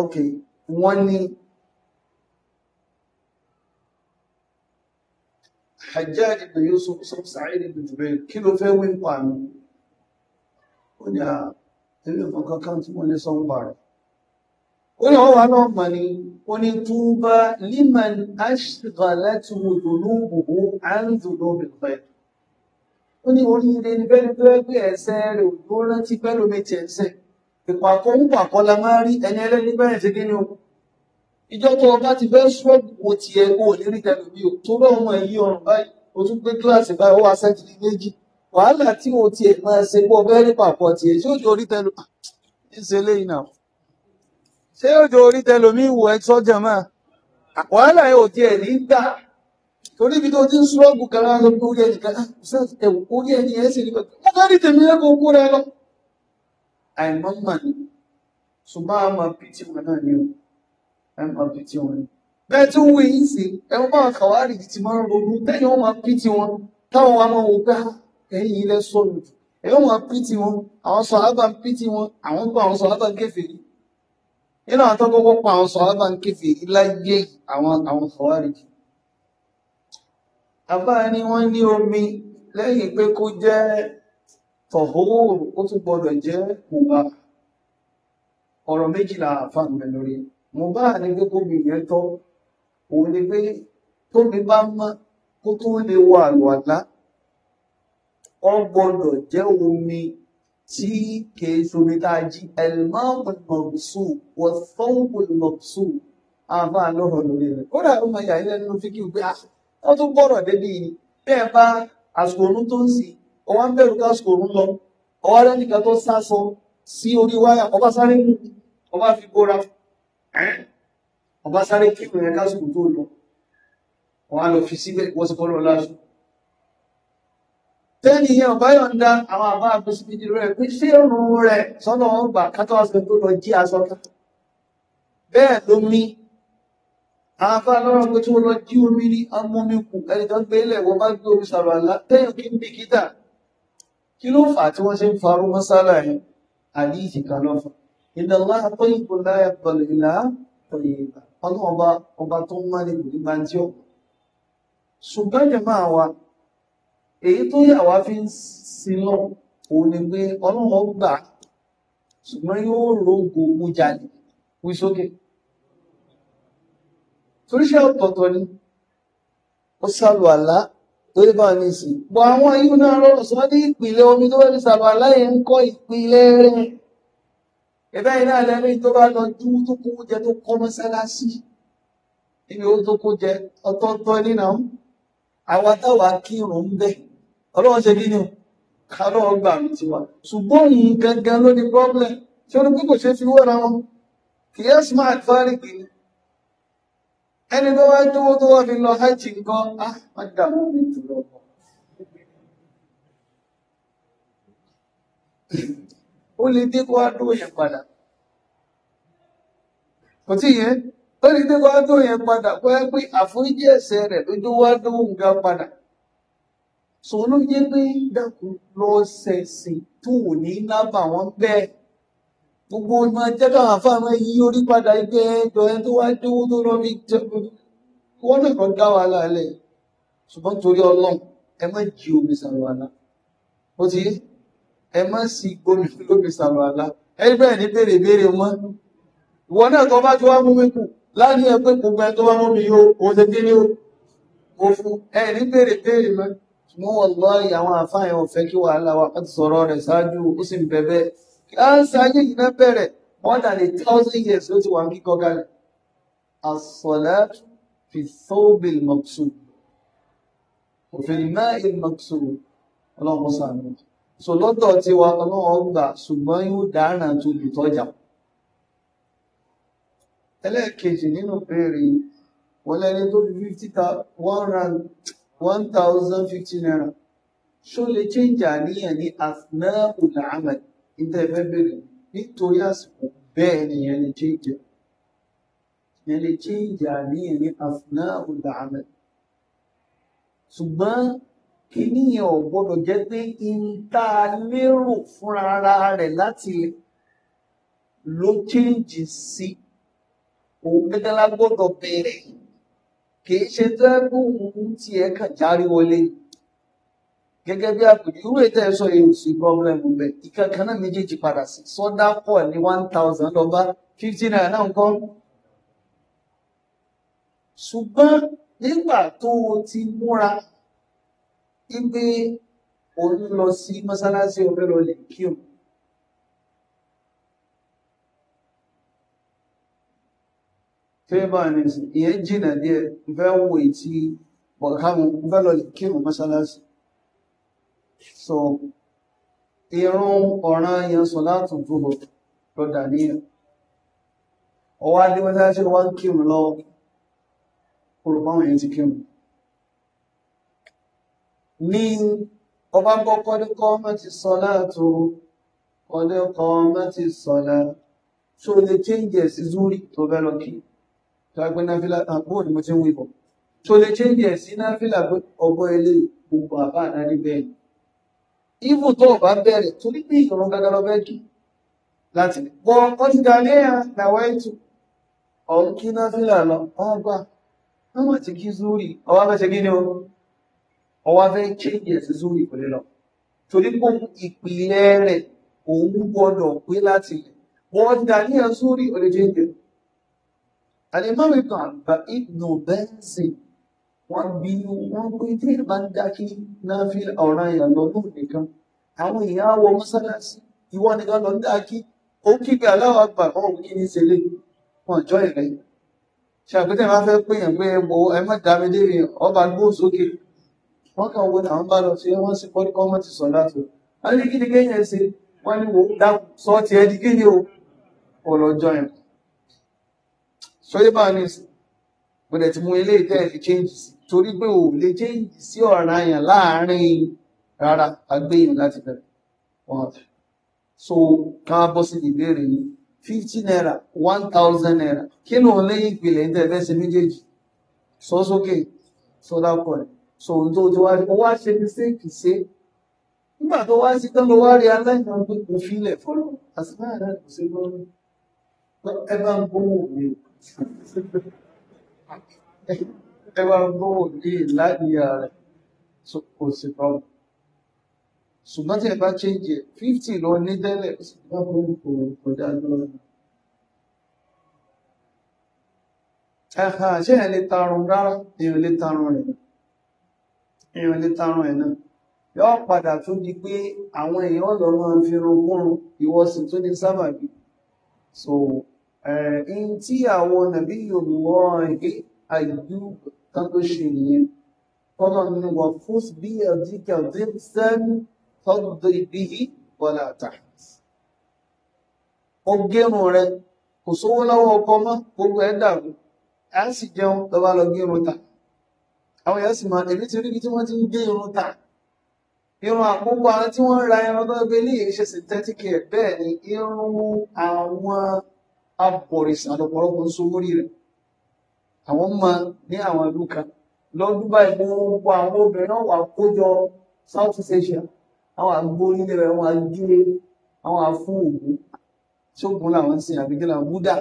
B: ok wọ́n ní Hajjaj ibn Yusuf sọ Sa'id ibn Jubair kí ló fẹ́ wí pa mi ó ní à ah, ilé kankan kan tí mo lè sọ ń pa rẹ̀ ó ní wọ́n wà náà mọ̀ ni ó ní túbá liman ashghalatuhu dhunubuhu an dhunubil ghayr ó ní oríire ni bẹ́ẹ̀ ni tó ẹgbẹ́ ẹ̀sẹ̀ rẹ̀ ò tó rántí bẹ́ẹ̀ lómi tiẹ̀ ń sẹ̀ o ìjọ tó o bá ti fẹ́ ṣọ́ọ̀bù wo tiẹ̀ o ò ní rí tẹnu mi o tó bá ọmọ yìí ọrùn báyìí o tún gbé gíláàsì báyìí ó wá sẹ́ńtìrì méjì wàhálà tí o tiẹ̀ máa ṣe bó o bẹ́ẹ̀ ní pàpọ̀ tiẹ̀ ṣé òjò orí tẹnu ah, ń ṣe lẹ́yìn náà ṣé òjò orí tẹnu mi wọ ẹ sọ́jà máa ah, wàhálà yẹn ò tiẹ̀ ní gbà torí ibi tó ti ń ṣọ́ọ̀bù kan lára ah, orí ẹni kan orí ẹni ẹ̀ sì ní pẹ̀lú ọ̀gá ní tèmi ẹ̀mọ́ bí tí wọn. bẹ́ẹ̀ tí wọ́n yìí ṣe ẹ̀wọ́n bá kàwárì ti máa ń ronú tẹ́yìn wọn máa bí tí wọn táwọn wa máa wò pé ah, ẹ̀yìn ilẹ̀ sọnù jù ẹ̀wọ́n máa bí tí wọn àwọn sọ alábà ń bí tí wọn àwọn gbọ́ àwọn sọ alábà ń kèfèrí nínú àwọn tó kọ́kọ́ pa àwọn sọ alábà ń kèfèrí láyé àwọn àwọn kàwárì jù. àbá ni wọ́n ní omi lẹ́yìn pé kó jẹ́ tọ̀hóòrò ó tún gbọdọ̀ jẹ́ kùbà ọ̀rọ̀ méjìlá àfáàmì lórí mo bá ní pé kómi yẹn tọ́ òun ni pé tómi bá mọ́ kó tó lè wọ àlùwàlá ó gbọ́dọ̀ jẹ́ omi tí kìí ṣomi tá a jí ẹ̀lmọ́ọ̀mù mọ̀bùsù wọ́n fọ́ọ̀mù mọ̀bùsù àbá lọ́rọ̀ lórí rẹ̀ kódà ó máa yà ilé nínú fíkì pé ah, wọ́n tún gbọ́dọ̀ débi bẹ́ẹ̀ bá àsìkò òórùn tó ń sì ọwọ́ ń bẹ̀rù ká àsìkò òórùn lọ ọwọ́ rẹ̀ nìkan tó sá sọ sí orí wáyà ọba sáré mú ọba fi bóra Eh? ọba sáré kí ìrìn kásìkò tó lọ wọn á lọ fi síbẹ̀ wọ́n sì kọ́lọ̀ láṣù tẹ́lì yẹn ọba yọ̀ ń dá àwọn àbá àgbésíbíjì rẹ̀ pé ṣé òun rẹ̀ sọ́nà wọn gbà kátó aṣọ tó lọ jí aṣọ ká bẹ́ẹ̀ ló mí
C: àbá lọ́rọ̀ pé tí wọ́n lọ
B: jí omi ní amómi kù ẹni tó gbé ilẹ̀ wọ́n bá gbé omi sàrọ̀ àlá tẹ́yìn kí ń bì kíta kí ló fà tí wọ́n ṣe ń farú mọ́sálà yẹn àdí ìsìnkà lọ́fà ìdàlá àtọ́yìnbó láyà pẹ̀lú ìlà tọ̀yìnbá ọlọ́run ọba ọba tó ń má ní kùdí máa ń tí ó ṣùgbọ́n jẹ̀mọ́ àwa èyí tó yà wá fi ń sin lọ òun ni pé ọlọ́run gbà ṣùgbọ́n yóò rògbò mú jáde wí sókè toríṣẹ́ ọ̀tọ̀ọ̀tọ̀ àwọn yìí náà rọrùn sọ ní ìpìlẹ̀ omi tó wẹ́ fi sálù àlá ń kọ́ ìpìlẹ̀ rẹ̀ ẹ̀bẹ́ iná ẹlẹ́mí tó bá lọ jú tó kó oúnjẹ tó kọ́ mọ́sálásí níbi ó tó kó jẹ ọ̀tọ̀ọ̀tọ̀ nínà ó àwa táwa kírun ń bẹ ọlọ́run ṣe kíni o ọlọ́run gbà mí tiwa ṣùgbọ́n òun gangan ló ní problem ṣé ó ní pé kò ṣe fi wọ́ra wọn kì í smart fáríkì ni ẹni tó wá dúró tó wá fi lọ hajj nǹkan á ah, má dààmú mi jùlọ ó lè dé kó wá dúró yẹn padà kò tí yẹn ó lè dé kó wá dúró yẹn padà kó yẹ pé àforíjì ẹ̀ṣẹ̀ rẹ̀ lójú wá dúró nǹkan padà sọ ló yẹ pé dákun lọ ṣẹ̀sìn tó ò ní lábà wọn bẹ́ẹ̀ gbogbo ọmọ jẹ́ káwọn afáàmọ́ yí orí padà ẹgbẹ́ ẹjọ́ ẹni tó wá dúró tó lọ mi jẹ́ wọ́n náà dá wàhálà lẹ̀ ṣùgbọ́n torí ọlọ́run ẹ má jí omi sàrọ̀ àná ó ti yé ẹ má sì gbómi lómi sàlùwàlá ẹni bẹ́ẹ̀ ní béèrè béèrè wọn ìwọ náà tó bá ti wá mú wípù láti ẹ pé gbogbo ẹ tó bá mú mi yóò ó ṣe kí ni ó mo fún ẹ ní béèrè béèrè mọ́ ṣùgbọ́n wọn lọ àwọn àfáàyàn ọ̀fẹ́ kí wàhálà wa láti sọ̀rọ̀ rẹ̀ ṣáájú ó sì ń bẹ bẹ́ẹ̀ kí á yìí náà bẹ̀rẹ̀ more than a thousand years ló ti wà ní kíkọ́ kalẹ̀ as-salat fi thawbil maqsud wa fil ma'il so lọ́dọ̀ tí wa ọlọ́wọ́ gbà ṣùgbọ́n yóò dáràn tó lè tọ́jà ẹlẹ́ẹ̀kejì nínú pèrè wọ́n lẹ́ni tó bí one thousand fifty naira ṣó lè change àníyàn ní asná ọ̀làmà ìtẹ̀fẹ́ bèrè nítorí àsìkò bẹ́ẹ̀ ni ìyẹn lè change ìyẹn lè change àníyàn ní asná ọ̀làmà ṣùgbọ́n kìíní yẹn ò gbọdọ̀ jẹ́ pé in tá a lérò fúnra rẹ̀ láti ló chéǹjì sí òun gẹ́gẹ́ la gbọ́dọ̀ bẹ̀rẹ̀ kìí ṣe dẹ́gbùn tí ẹ kàn járe wọlé gẹ́gẹ́ bí àpèjì irú ètò ẹ̀sọ́ yìí ò sí pọ́blẹ́mù bẹ̀ ìkankan náà méjèèjì padà sí sọ́dá pọ̀ ní one thousand lọ́ba fifteen. naira náà ń kọ́ ṣùgbọ́n nígbà tó o ti múra ipe òun lọ sí mọ́sálásí òun lọ lè kí òun. Fẹ́bàánìs, ìyẹn jìnà díẹ̀, fẹ́ wo ìtí bọ̀kámu, fẹ́ lè kí òun mọ́sálásí. So, ìrun ọ̀ràn yẹn sọ láti gbogbo lọ dàníyàn. Ọwọ́ adé mọ́sálásí wọ́n kírun lọ, olùpáwọn yẹn ti kírun. ní ọba ń bọ́ kọ́díkọ́ mẹ́tì sọ́lá tó kọ́díkọ́ mẹ́tì sọ́lá tó lè change sí ni mo ti ń wíbọ̀ ele lè change sí náfílà ọgbọ́ ilé gbogbo àbá àdáni bẹ́ẹ̀ ibù tó bá bẹ̀rẹ̀ torí pé ìrún ọwọ́ fẹ́ change ẹ̀sìn sórí ìpínlẹ̀ náà torí pé ìpìlẹ̀ rẹ̀ òun gbọ́dọ̀ pé láti ilẹ̀ wọ́n dá ní àsórí orílẹ̀-èdè alimọ́rìkà bá ìgbò bẹ́ẹ̀sì wọ́n bí wọ́n pé tí ìbá ń dákí náà fi ọ̀rọ̀ èèyàn lọ lóòrùn nìkan àwọn èèyàn wọ mọ́sálásí ìwọ nìkan lọ ń dákí ó kígbe aláwọ̀ àgbà ọ̀hún kí ní ṣe lé wọn jọ ìrẹ́ ṣàpètè máa fẹ́ pé èèyàn pé ẹ mọ̀ ẹ mọ̀ dámi dé ọba gbóòsókè wọ́n kàn wọ́n àwọn bá lọ sí wọ́n sì kọ́ nípa wọ́n ti sọ láti wọ́n ní kíni kéèyàn ṣe wọ́n ní wò dákú sọ ti ẹ di kíni o ọlọ́jọ́ yẹn sọyẹ́ bá ní sí gbọ́dẹ̀ ti mú ilé ìtẹ́ fi change sí torí pé ò lè change sí ọ̀ràn yẹn láàárín rárá agbéyìn láti bẹ̀rẹ̀ wọ́n so kan bọ́ sí ìbéèrè yìí fifty naira one thousand naira kí ni òun lẹ́yìn ìpìlẹ̀ ń tẹ́ fẹ́ ṣe méjèèjì sọ sókè sọdá pọ̀ rẹ̀ so ohun tó ti wá ó wá ṣe mistake ṣe nígbà tó wá sí tán ló wá rí aláìsàn pé kò filẹ̀ fọ́lọ́ àsìkò àdá kò ṣe lọ́rùn ẹ bá ń gbówó mi ẹ bá ń gbówó mi láàyè rẹ̀ kò sí problem ṣùgbọ́n tí ẹ bá change ẹ̀ fifty lọ ní tẹ́lẹ̀ ó sì bá kó kò kọjá lọ́rùn. ẹ̀hàn ṣé ẹ̀ lè tarun rárá èèyàn lè tarun rẹ̀ irun ní tárùn ẹ̀ náà yóò padà tún di pé àwọn èèyàn lọ máa ń fi runkúrun ìwọ sì tún ní sábàbí so ẹ̀ẹ́n tí àwọn nàbí yorùbá ẹ̀ẹ́ àyù kan tó ṣe nìyẹn kọ́mọ mi wà fún bí ẹ̀díkà tí ń sẹ́n tọ́jú ibi yìí wọlé àtà ó gérun rẹ kò sówó lọ́wọ́ ọkọ mọ́ gbogbo ẹ̀ dàrú ẹ̀ sì jẹun lọ́ba lọ gérun tà àwọn èèyàn sì máa èmi ti rí ibi tí wọ́n ti ń gé irun tà irun àkókò àwọn tí wọ́n ń ra irun tó ń gbé ní ìṣe synthetic hair bẹ́ẹ̀ ni irun àwọn abọ̀rìṣà lọ́pọ̀lọpọ̀ ń sowó rí rẹ̀ àwọn mọ ní àwọn ìlú kan lọ́dún báyìí gbogbo àwọn obìnrin náà wà kójọ South Asia àwọn àgbo nílé rẹ̀ wọn agé àwọn àfún òògùn ṣóògùn làwọn ń sìn àbíkí làwọn Buddha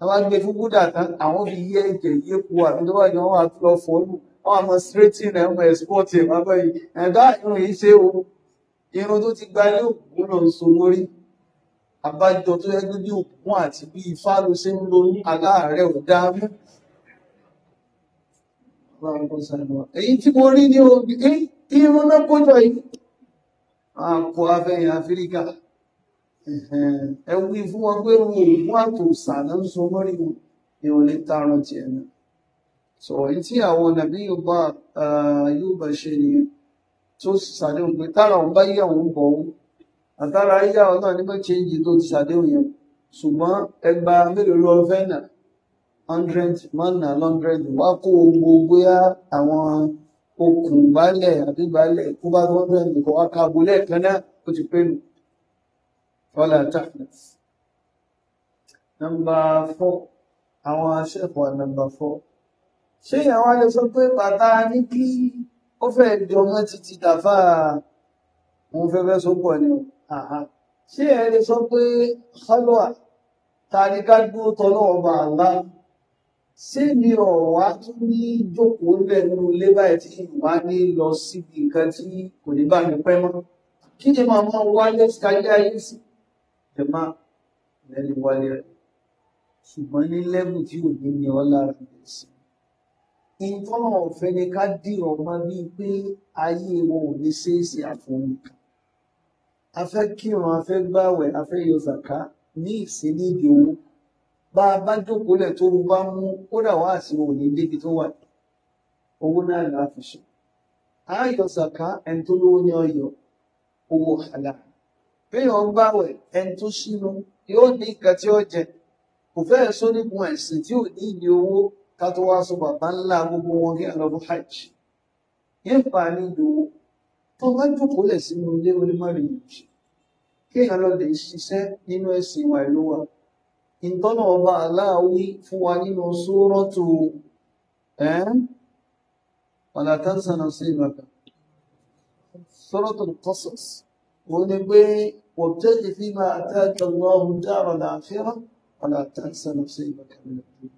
B: àwọn agbè fún Buddha tán àwọn fi yé ẹ̀jẹ̀ yé po àbí tó bá jẹ wọn wà lọ fọ́ọ̀lù orchestrating ẹ̀mọ exporting bàbá yìí ẹ̀dá irun yìí ṣe o irun tó ti gba ilé òkú lọ so mórí àbájọ tó yẹ gbé bí òkú àti bí ifá ló ṣe ń lo aláàárẹ̀ ò dáàmú. èyí tí mo rí ní omi irun náà kójọ yìí àpò abẹ́yìn áfíríkà ẹ wí fún wọn pé òun àtòsà náà ń so mórí wọn lè tarun tiẹ̀ náà so èyí tí àwọn nàbí yorùbá yorùbá ṣe nìyẹn tó ṣàdéhùn pé tára òun bá yí àwọn ń bọ̀ òun àtàrà yíyá ọ náà nígbà chéńjì tó ti ṣàdéhùn yẹn ṣùgbọ́n ẹgba mélòó ló fẹ́ nà hundred mọ́nà hundred wá kó gbogbo bóyá àwọn okùn balẹ̀ àbí balẹ̀ kó bá hundred kó wá ká abúlé kan náà ó ti pé nù ọ̀là tafness. number four àwọn aṣẹ́kọ̀ọ́ number four ṣé ìyàwó alẹ́ sọ pé bàtà ní kí ó fẹ́ jọ mọ́ títí tàfà òun fẹ́ fẹ́ sọ́pọ̀ ni ṣé ẹ lè sọ pé khalwa ta ni ká dúró tọ́lọ́ ọba àlá ṣé mi ò wá tún ní jókòó lẹ̀ nínú ilé báyìí tí ìwà ní lọ síbi nǹkan tí kò ní bá mi pẹ́ mọ́ kí ni màá wálé kálí ayé sí ẹ má lẹ́ni wálé rẹ̀ ṣùgbọ́n ní lẹ́bù tí ò ní ní ọ lára rẹ̀ sí ìtọ́nà ọ̀fẹ́ ni ká dìrọ̀ mọ́ bíi pé ayé wọn ò ní ṣeé ṣe àfọ̀hún a fẹ́ kírun a fẹ́ gbàwẹ̀ a fẹ́ yọ zàká ní ìsinmi ìdí owó bá a bá jókòó lẹ̀ tó bá mú kódà wá àsìwò ò ní débi tó wà owó náà là á fi ṣe a yọ zàká ẹni tó lówó ní ọyọ owó àlà béèyàn gbàwẹ̀ ẹni tó ṣínú yóò ní nǹkan tí kò fẹ́ẹ̀ sónígun ẹ̀sìn tí ò ní ìdí owó ká tó wá sọ bàbá ńlá gbogbo wọn kí àlọ́ fún hajj yẹn fà á ní ìdòwò tó bá jókòó lẹ̀ sínú ilé onímọ̀rìn yìí kí àlọ́ lè ṣiṣẹ́ nínú ẹ̀sìn ìwà ìlú wa ìtọ́nà ọba aláàwí fún wa nínú sórọ́tò ẹ́ ọ̀nà tánsánà sí ìbàkà sórọ́tò Qasas wọ́n ni pé wabtaghi fīmā ātāka Allāhu ad-dāra al-ākhirah wa lā tansa nafsaka min ad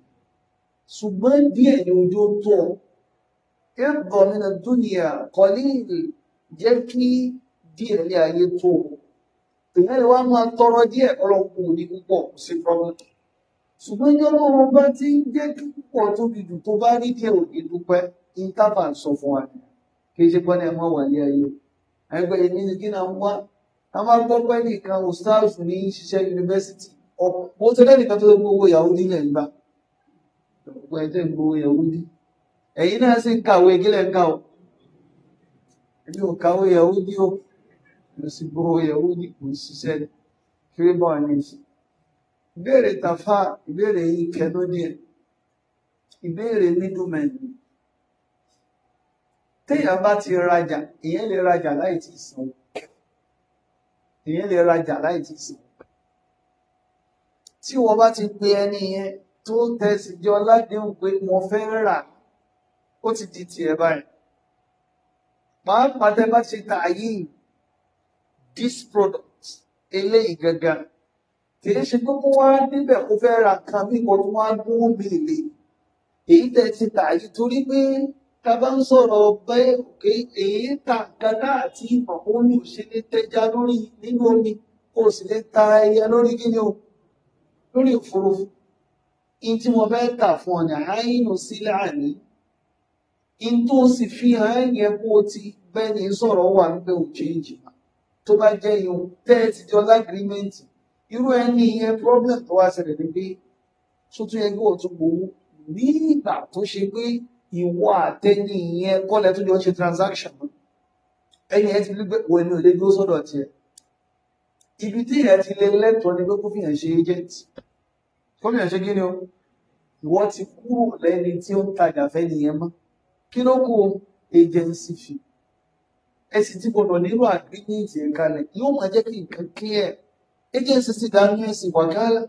B: ṣùgbọ́n díẹ̀ ni ojú tó ẹ̀bọ̀ mìíràn dúnìyà kọ́líìlì jẹ́ kí díẹ̀ lé ayé tó èèyàn lè wá máa tọrọ díẹ̀ ọlọ́kùnrin ní púpọ̀ kò sí problem ṣùgbọ́n jọ́ tó wọn bá ti ń jẹ́ kí púpọ̀ tóbi jù tó bá rí díẹ̀ òkè dúpẹ́ ìtàbà ń sọ fún wa kì ṣe pọ́n ẹ̀ máa wà ní ayé ẹgbẹ́ ẹni ní kí náà ń wá a máa gbọ́ pẹ́ nìkan ustaz ní ṣiṣẹ́ yunifásitì mo ti lẹ́nìkan tó gbogbo ìyàwó nílẹ̀ nígbà gbogbo ẹjẹ́ gbogbo Yahudi ẹ̀yin náà sì ń kàwé gílẹ̀ ń kàwé èmi ò kàwé Yahudi o mo sì gbogbo Yahudi kò ṣiṣẹ́ fírímọ̀ ní ìsìn ìbéèrè tàfà ìbéèrè yìí kẹnu díẹ̀ ìbéèrè mídùmẹ̀lì téèyàn bá ti rajà èèyàn lè rajà láì tí ì sanwó èèyàn lè rajà láì tí ì sanwó tí wọ́n bá ti pe ẹni yẹn tó tẹ̀sí jẹ́ ọládéhùn pé mo fẹ́ rà ó ti di tiẹ̀ báyìí pàápàá tẹ́ bá ṣe tà yìí this product eléyìí gangan kì í ṣe pé kó wá níbẹ̀ kó fẹ́ ra kan bí kò tó wá gún mi lè èyí tẹ́ ti tà yìí torí pé ta bá ń sọ̀rọ̀ pé òkè èyí tà gánà àti ìmọ̀kúnmí ò ṣe lè lórí nínú omi kò sì lè ta ẹyẹ lórí gíní o lórí òfurufú in tí mo fẹ́ tà fún ọ ní àáyínú sílẹ̀ àní in tó sì fi hàn yẹn kó o ti gbẹ́ni sọ̀rọ̀ wà nígbẹ́ ò change ma tó bá jẹ́ yòó tẹ́ẹ̀tì jọ lágrímẹ́ǹtì irú ẹni yẹn problem tó wá ṣẹlẹ̀ ni pé tuntun yẹn kí o tún gbowó ní ìgbà tó ṣe pé ìwọ àtẹni yẹn kọ́lẹ̀ tó jọ ṣe transaction ẹni yẹn ti gbé wo èmi ò lè dúró sọ́dọ̀ tiẹ̀ ibi tí yẹn ti lè lẹ́tọ̀ọ́ ni pé kó fi hàn ṣe agent gómìnà ṣe kí ni o ìwọ ti kúrò lẹ́ni tí ó ń tajà fẹ́ nìyẹn mọ́ kí ló kù agency fee ẹ sì ti gbọ́dọ̀ nílò àgbéyìntì ìkàlẹ̀ yóò máa jẹ́ kí nǹkan kí ẹ̀ agency ti dá ní ẹ̀sìn wàkálà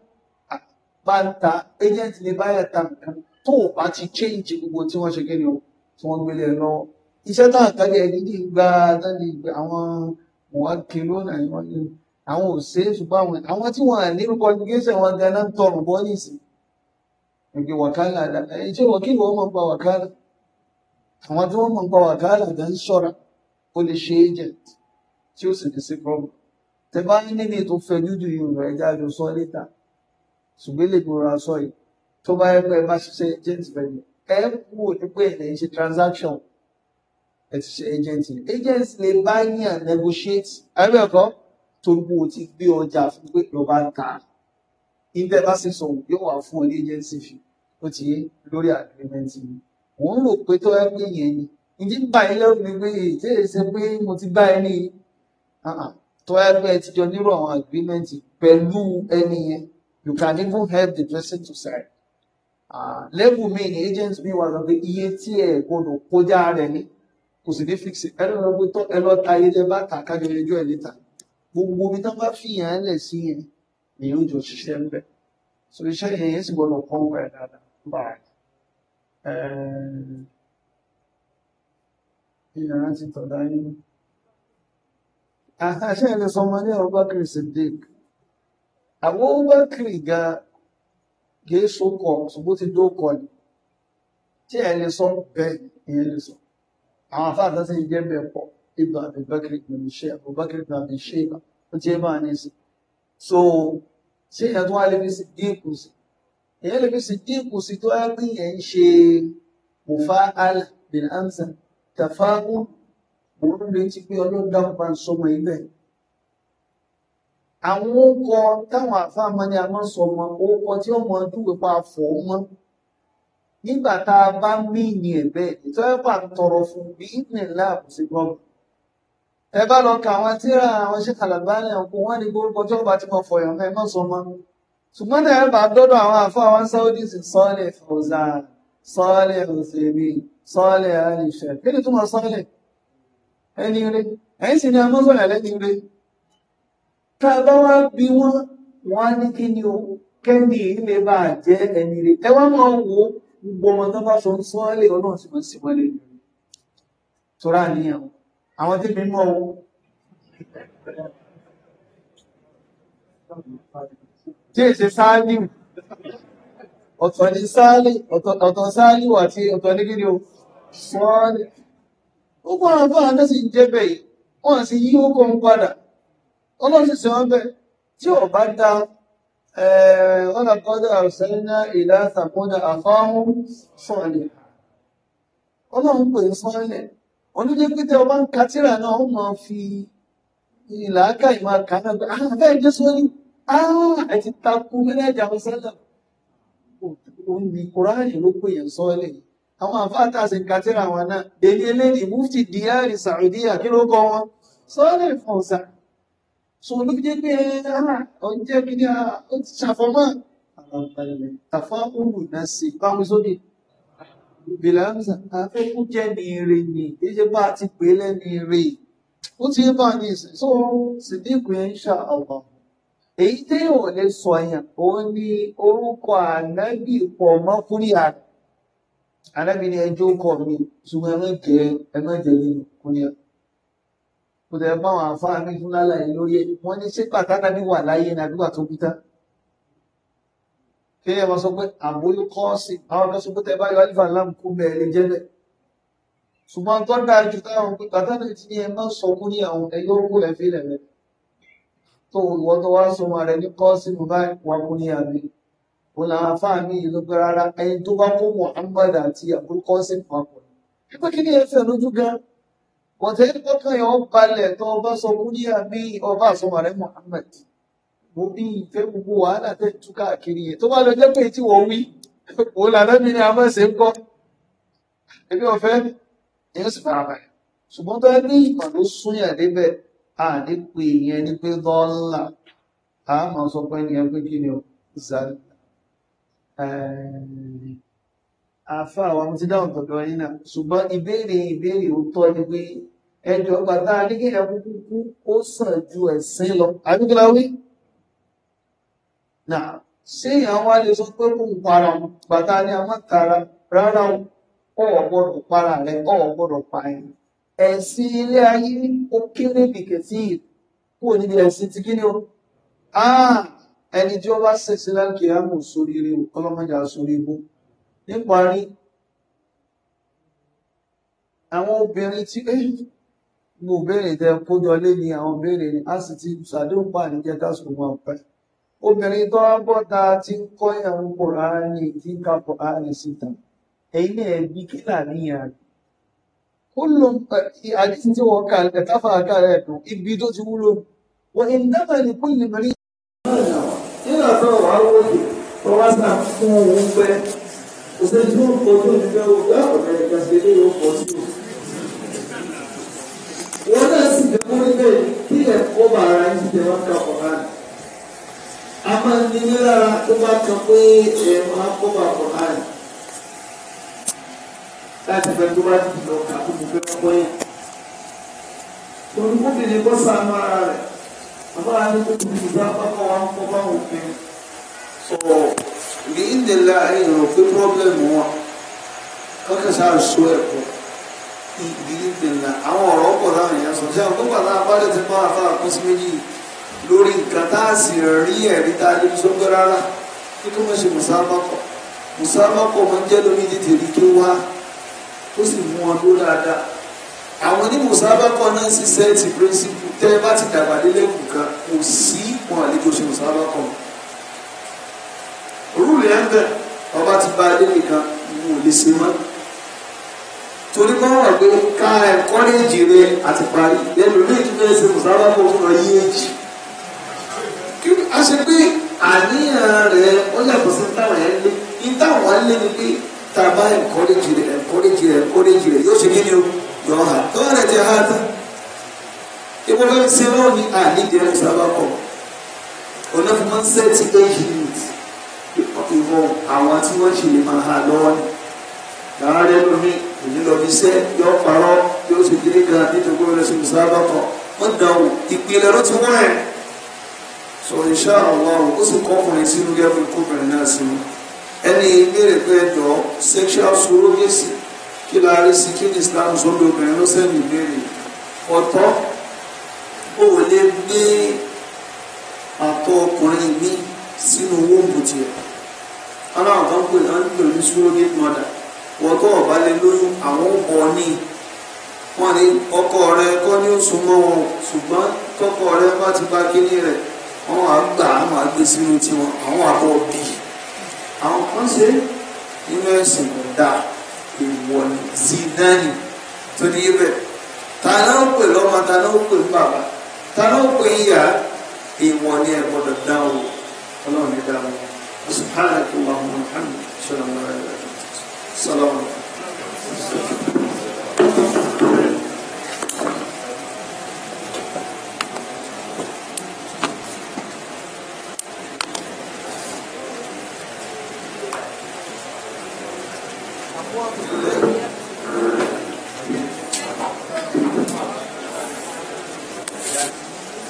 B: bá ń ta agent lè báyà ta nǹkan tó o bá ti change gbogbo tí wọ́n ṣe kí ni o tí wọ́n gbélé ẹ lọ́wọ́ iṣẹ́ táwọn àtàlẹ́ ẹ̀ gidi gba àtàlẹ́ àwọn mọ̀wá kìlónà ìwọ́n yìí àwọn ò ṣe é ṣùgbọ́n àwọn àwọn tí wọ́n nínú congregation wọn ganan tọrùn bọ́ nìsín ìgbé wàkálà ẹ̀yìn tí wọ́n kí wọ́n mọ̀ ń pa wàkálà àwọn tí wọ́n mọ̀ ń pa wàkálà dá ń ṣọ́ra ó lè ṣe agent tí ó sì lè ṣe problem tẹ bá ní níbi tó fẹ́ dúdú yìí rẹ̀ ẹja jọ sọ létà ṣùgbọ́n lè gbòòrò aṣọ yìí tó bá yẹ pé ẹ bá ṣiṣẹ́ agent bẹ̀rẹ̀ ẹ kú ní pé ẹ̀ ṣe transaction ẹ ti ṣe agent yìí agent lè bá yàn negotiate àbẹ̀kọ́ torí pé o ti gbé ọjà fún pé lọ́ba ń ta ìbẹ́ bá sì sọ̀rọ̀ yóò wà fún ọ ní agency fee ó ti yé lórí agreement mi wọ́n rò pé tó ẹ pé yẹn ni ìdí bá ilé mi pé ètè ṣe pé mo ti bá ẹni tó ẹ pé ẹ ti jọ nírò àwọn agreement pẹ̀lú ẹni yẹn you can even help the person to sign lẹ́bù mi ni agent mi wà lọ pé iye tí ẹ gbọdọ̀ kọjá rẹ̀ ni kò sì ní fix ẹ lọ́ọ́ pé tọ́ ẹ lọ́ọ́ ta iye tẹ bá ta kájọ yẹjú ẹ̀ níta gbogbo ibi tó bá fìyàn lẹ̀ sí yẹn ni yóò jọ ṣiṣẹ́ ń bẹ̀ so iṣẹ́ yẹn yẹn sì gbọ́dọ̀ kọ́ wẹ̀ dáadáa bá a ìyàrá ti tọ̀ dání. àṣẹ ẹ̀ lè sọ ọmọ ní Abubakar Siddiq àwọn Abubakar gan kìí sókọ̀ ṣùgbọ́n ti dókọ̀ ni tí ẹ̀ lè sọ bẹ́ẹ̀ ìyẹn lè sọ àwọn afáàtà sì ń jẹ́ bẹ́ẹ̀ pọ̀. ابن أبي بكر بن الشيخ أبو بكر بن أبي شيبة وجيبة نيسي so ṣé èèyàn tó wá lè fi dínkù sí èèyàn lè fi dínkù sí tó á pín yẹn ń ṣe mùfá al bin ansa tàfáàmù òun retí pé ọlọ́run dáhùn bá ń sọmọ ilẹ̀ àwọn oúnkọ táwọn àfáàmọ ni a máa ń sọmọ oúnkọ tí ọmọ dúwe pa fọ mọ nígbà tá a bá mí ní ẹ̀bẹ̀ ìtọ́jú pàtọrọ fún bí ìpínlẹ̀ láàbùsí gbọ́ngàn ẹ bá lọ ka àwọn tíra àwọn ṣe kàlàbá ní ọkùn wọn ní gbogbo ọjọ́ bá ti mọ fọyàn ẹ má sọ mọ́ ṣùgbọ́n tẹ̀ ẹ bá dọ́dọ̀ àwọn àfọ àwọn Saudi sì sọ́ọ̀lẹ̀ Fawzan sọ́ọ̀lẹ̀ òṣèlú sọ́ọ̀lẹ̀ àìṣẹ́ kí ni túmọ̀ sọ́ọ̀lẹ̀ ẹni rẹ ẹ̀yìn sì ni amọ́sọ̀lẹ̀ lẹ́ni rẹ ká bá wá bí wọ́n wọ́n á ní kí ni o kẹ́ni ilé bá jẹ́ ẹni rẹ ẹ wá máa wo gbogbo ọmọ bá sọ sọ́ọ̀lẹ̀ ọlọ́run sì mọ̀ sí wọlé tóra níyàwó àwọn tí mi mọ́ ohun
A: tí èsè sáálì
B: ọ̀tọ̀ ní sáálì ọ̀tọ̀ sáálì wà tí ọ̀tọ̀ ní gíní o sọ́ọ́lì ó kọ́ àwọn fún àwọn sì ń jẹ́ bẹ̀ yìí wọ́n sì yí ó kọ́ ń padà ọlọ́sì sí wọ́n bẹ̀ tí ò bá eh, dá ọ̀nà kọ́dà ọ̀sẹ́ná ìlà àtàkùnà àfáhùn sọ́ọ̀lì ọlọ́run pè é sọ́ọ̀lì olùjẹ́ pé tẹ ọba ń ka tíra náà ó máa fi ìlàákà ìmọ̀ àkà náà gbé ah bẹ́ẹ̀ jésù ó ní ah ẹ ti takú mẹ́lẹ́jà àwọn sẹ́lẹ̀ òun ní kúránì ló pè yẹn sọ lè àwọn àfáàtà àti kàtírà wọn náà èyí eléyìí mufti diari Saudi kí ló kọ wọn sọ́ọ́lẹ̀ fọ̀ọ̀sà so ló jẹ́ pé ọjẹ́ ah, kí ni ah, ó ti ṣàfọ́mọ́ àwọn àpẹẹrẹ tàfọ́ òrùn náà sí báwọn bìlàmùsà àfẹ́kù jẹ́ ní ire ni èyí bá ti pè lẹ́ni ire ó ti bá ní ìsìn tó sídìkù yẹn ń ṣà ọ̀gbọ̀n èyí téèyàn lè sọ yẹn òun ni orúkọ ànábì pọ̀ mọ́ kúríà ànábì ni ẹjọ́ kọ̀ mi ṣùgbọ́n ẹ̀rọ jẹ́ ẹ̀rọ jẹ́ nínú kúríà kò tẹ̀ bá àwọn àfáà mi fún lálàyé lórí ẹ̀ wọ́n ní ṣé pàtàkì wà láyé nàbí wà tó kú kí ẹ máa sọ pé àbúrú kọ́ sí àwọn kan sọ pé tẹ bá yọ alifa lam kú bẹ́ẹ̀ lè jẹ́ bẹ́ẹ̀ ṣùgbọ́n tó dáa ju táwọn pé pàtàkì ti ní ẹ máa sọ mú ní àwọn ẹgbẹ́ owó ẹ̀ fi lẹ̀ lẹ́nu tó ìwọ tó wá sọ ọmọ rẹ ní kọ́ sínú báyìí wà mú ní àmì wọn làwọn afáàmì yìí ló gbé rárá ẹni tó bá kó Muhammad àti àbúrú kọ́ sínú papọ̀ ẹgbẹ́ kí ni ẹ fẹ́ lójú gan wọ́n tẹ́lẹ̀ kọ́kàn yẹn ó balẹ̀ tó ọba sọ mú ní àmì ọba àsọmọ rẹ Muhammad mo bí ìfẹ́ gbogbo wàhálà tẹ́ tú káàkiri yẹn tó bá lọ jẹ́ pé tí wọ́n wí (laughs) òun làná mi ni a máa ṣe ń kọ́ ẹbí ni èèyàn sì fara balẹ̀ ṣùgbọ́n tó ní ìmọ̀ ló súnyà débẹ̀ a ní pé ìyẹn ni pé dọ́là a máa sọ pé ní ẹgbẹ́ kí ni o zàlù àfa àwọn ọmọ ti dáhùn tọ̀dọ̀ yín náà ṣùgbọ́n ìbéèrè ìbéèrè ó tọ́ ni pé ẹjọ́ gbàtà ní kí ẹ̀kú kúkú ó sàn ju ẹ̀sìn lọ àbíkúláwí náà séèyàn wá lè sọ pé kò ń para wọn bàtà ni a máa tara rárá o ò gbọ́dọ̀ para rẹ ò gbọ́dọ̀ pa ẹ ẹ̀sìn ilé ayé ó kéré nìkẹ́ sí kúrò níbi ẹ̀sìn ti kí ni o ẹni tí ó bá ṣẹ̀ṣẹ̀ láti àmọ̀ sórí rí ọlọ́mọdé àsórí ibú níparí àwọn obìnrin tí ẹ eh, mo béèrè tẹ kójọ lé ní àwọn béèrè ni a sì ti ṣàdéhùn pàdé jẹ ká máa pẹ́ obìnrin tó ń bọ́ta tí ń kọ́ ìyàwó kòránì tí ń ka kòránì síta ẹ̀yin náà ẹbí kí làníyàn ó lò àdìsí tí wọ́n kà ẹ̀káfà kàrẹ̀ ẹ̀dùn ibi tó ti wúlò wọ́n ń dábà ní kún ní mẹ́rin. nígbà tó wà á wọlé tó wá sà fún òun pẹ òṣèlú tó ń pọ̀ tó ń fẹ́ o láwọn ọ̀rẹ́ ìgbàsẹ̀ lè yọ pọ̀ sí o. wọ́n náà sì fẹ́ kó níbẹ̀ kí ẹ̀ kó bàrà yìí àmọ́ níní lára tó bá kan pé ẹ̀ máa kọ́ bá kọ́ àyè láti fẹ́ tó bá ti lọ kà tó fẹ́ kọ́ yẹn. olùkóbìnrin kọ́ sànú ara rẹ̀ àmọ́ àyè tó kùn ìgbà pápá wa ń kọ́ bá òfin sọ̀rọ̀ ní ìdílé ayé rẹ̀ sọ ẹ̀kọ́ ìdílé ìdílé àwọn ọ̀rọ̀ ọ̀pọ̀ láwọn lórí nǹkan tá a sì rí ẹ̀rí tá a lè sọ pé rárá kí ló mọ̀ ṣe mùsàmákọ̀ mùsàmákọ̀ máa ń jẹ́ lómi tètè rí tó wá ó sì mú wọn ló dáadáa àwọn ní mùsàmákọ̀ náà sì sẹ́ẹ̀tì píríncípù tẹ́ ẹ bá ti dàgbà lélẹ́kùn kan kò sí wọn àlejò ṣe mùsàmákọ̀ rúùlù ẹ̀ ń bẹ̀ ọba ti ba adé nìkan ìwọ̀n lè ṣe mọ́ torí kọ́ wà ká ẹ̀kọ́ lè jèrè àti parí lẹ́nu ní ìtúfẹ́ ṣe mùsàmákọ̀ fún ọ yí èjì kí a ṣe pé àníyàn rẹ̀ ó yàtọ̀ sí táwọn yẹn lé ní táwọn lé ni pé tá a bá ẹ̀kọ́rẹ́jì rẹ̀ ẹ̀kọ́rẹ́jì rẹ̀ ẹ̀kọ́rẹ́jì rẹ̀ yóò ṣe kí ni o yọ̀ ọ́ hà tó rẹ̀ ti hà tán ìwọ bá ti ṣe náà ní àníjẹ sábà kọ ọ̀nà fún wọn sẹ́ẹ̀tì èyí ìwọ àwọn tí wọ́n ṣe lè máa hà lọ́wọ́ ni láàárẹ̀ lómi òní lọ fi ṣẹ́ yọ parọ́ yóò ṣe kiri gan nítorí wọn lọ sí sábà kọ wọn dàn ó ìpìlẹ̀ ló so insha Allah ó sì kọ́ ọkùnrin sínú gẹ́gẹ́ kóbìnrin náà sínú ẹni ìbéèrè pé ẹ̀dọ́ sexual surrogacy kí la rí sí kí ní Islam sóbi obìnrin ló sẹ́ni ìbéèrè ọ̀tọ̀ ó lè gbé àtọ̀ ọkùnrin mi sínú owó mbùtì ẹ̀ aláwọ̀ kan pè náà ń pè ní surrogate mother wọ́tọ̀ ọ̀bá lè lóyún àwọn ọ̀pọ̀ ní wọ́n ní ọkọ rẹ kọ́ ní oṣù mọ́ wọn ṣùgbọ́n tọkọ rẹ bá ti bá kíní rẹ̀ wọ́n wá gbà àwọn àgbé sínú tiwọn àwọn àbọ̀ bí àwọn kan ṣe nínú ẹ̀sìn kò dáa ìwọ ni zidane tó ní ibẹ̀ ta náà ó pè lọ́mọ ta náà ó pè bàbá ta náà ó pè ìyá ìwọ ẹ̀ gbọ́dọ̀ dáhùn ọlọ́run ní dáhùn subhanahu wa ta'ala muhammad sallallahu alaihi wa sallam.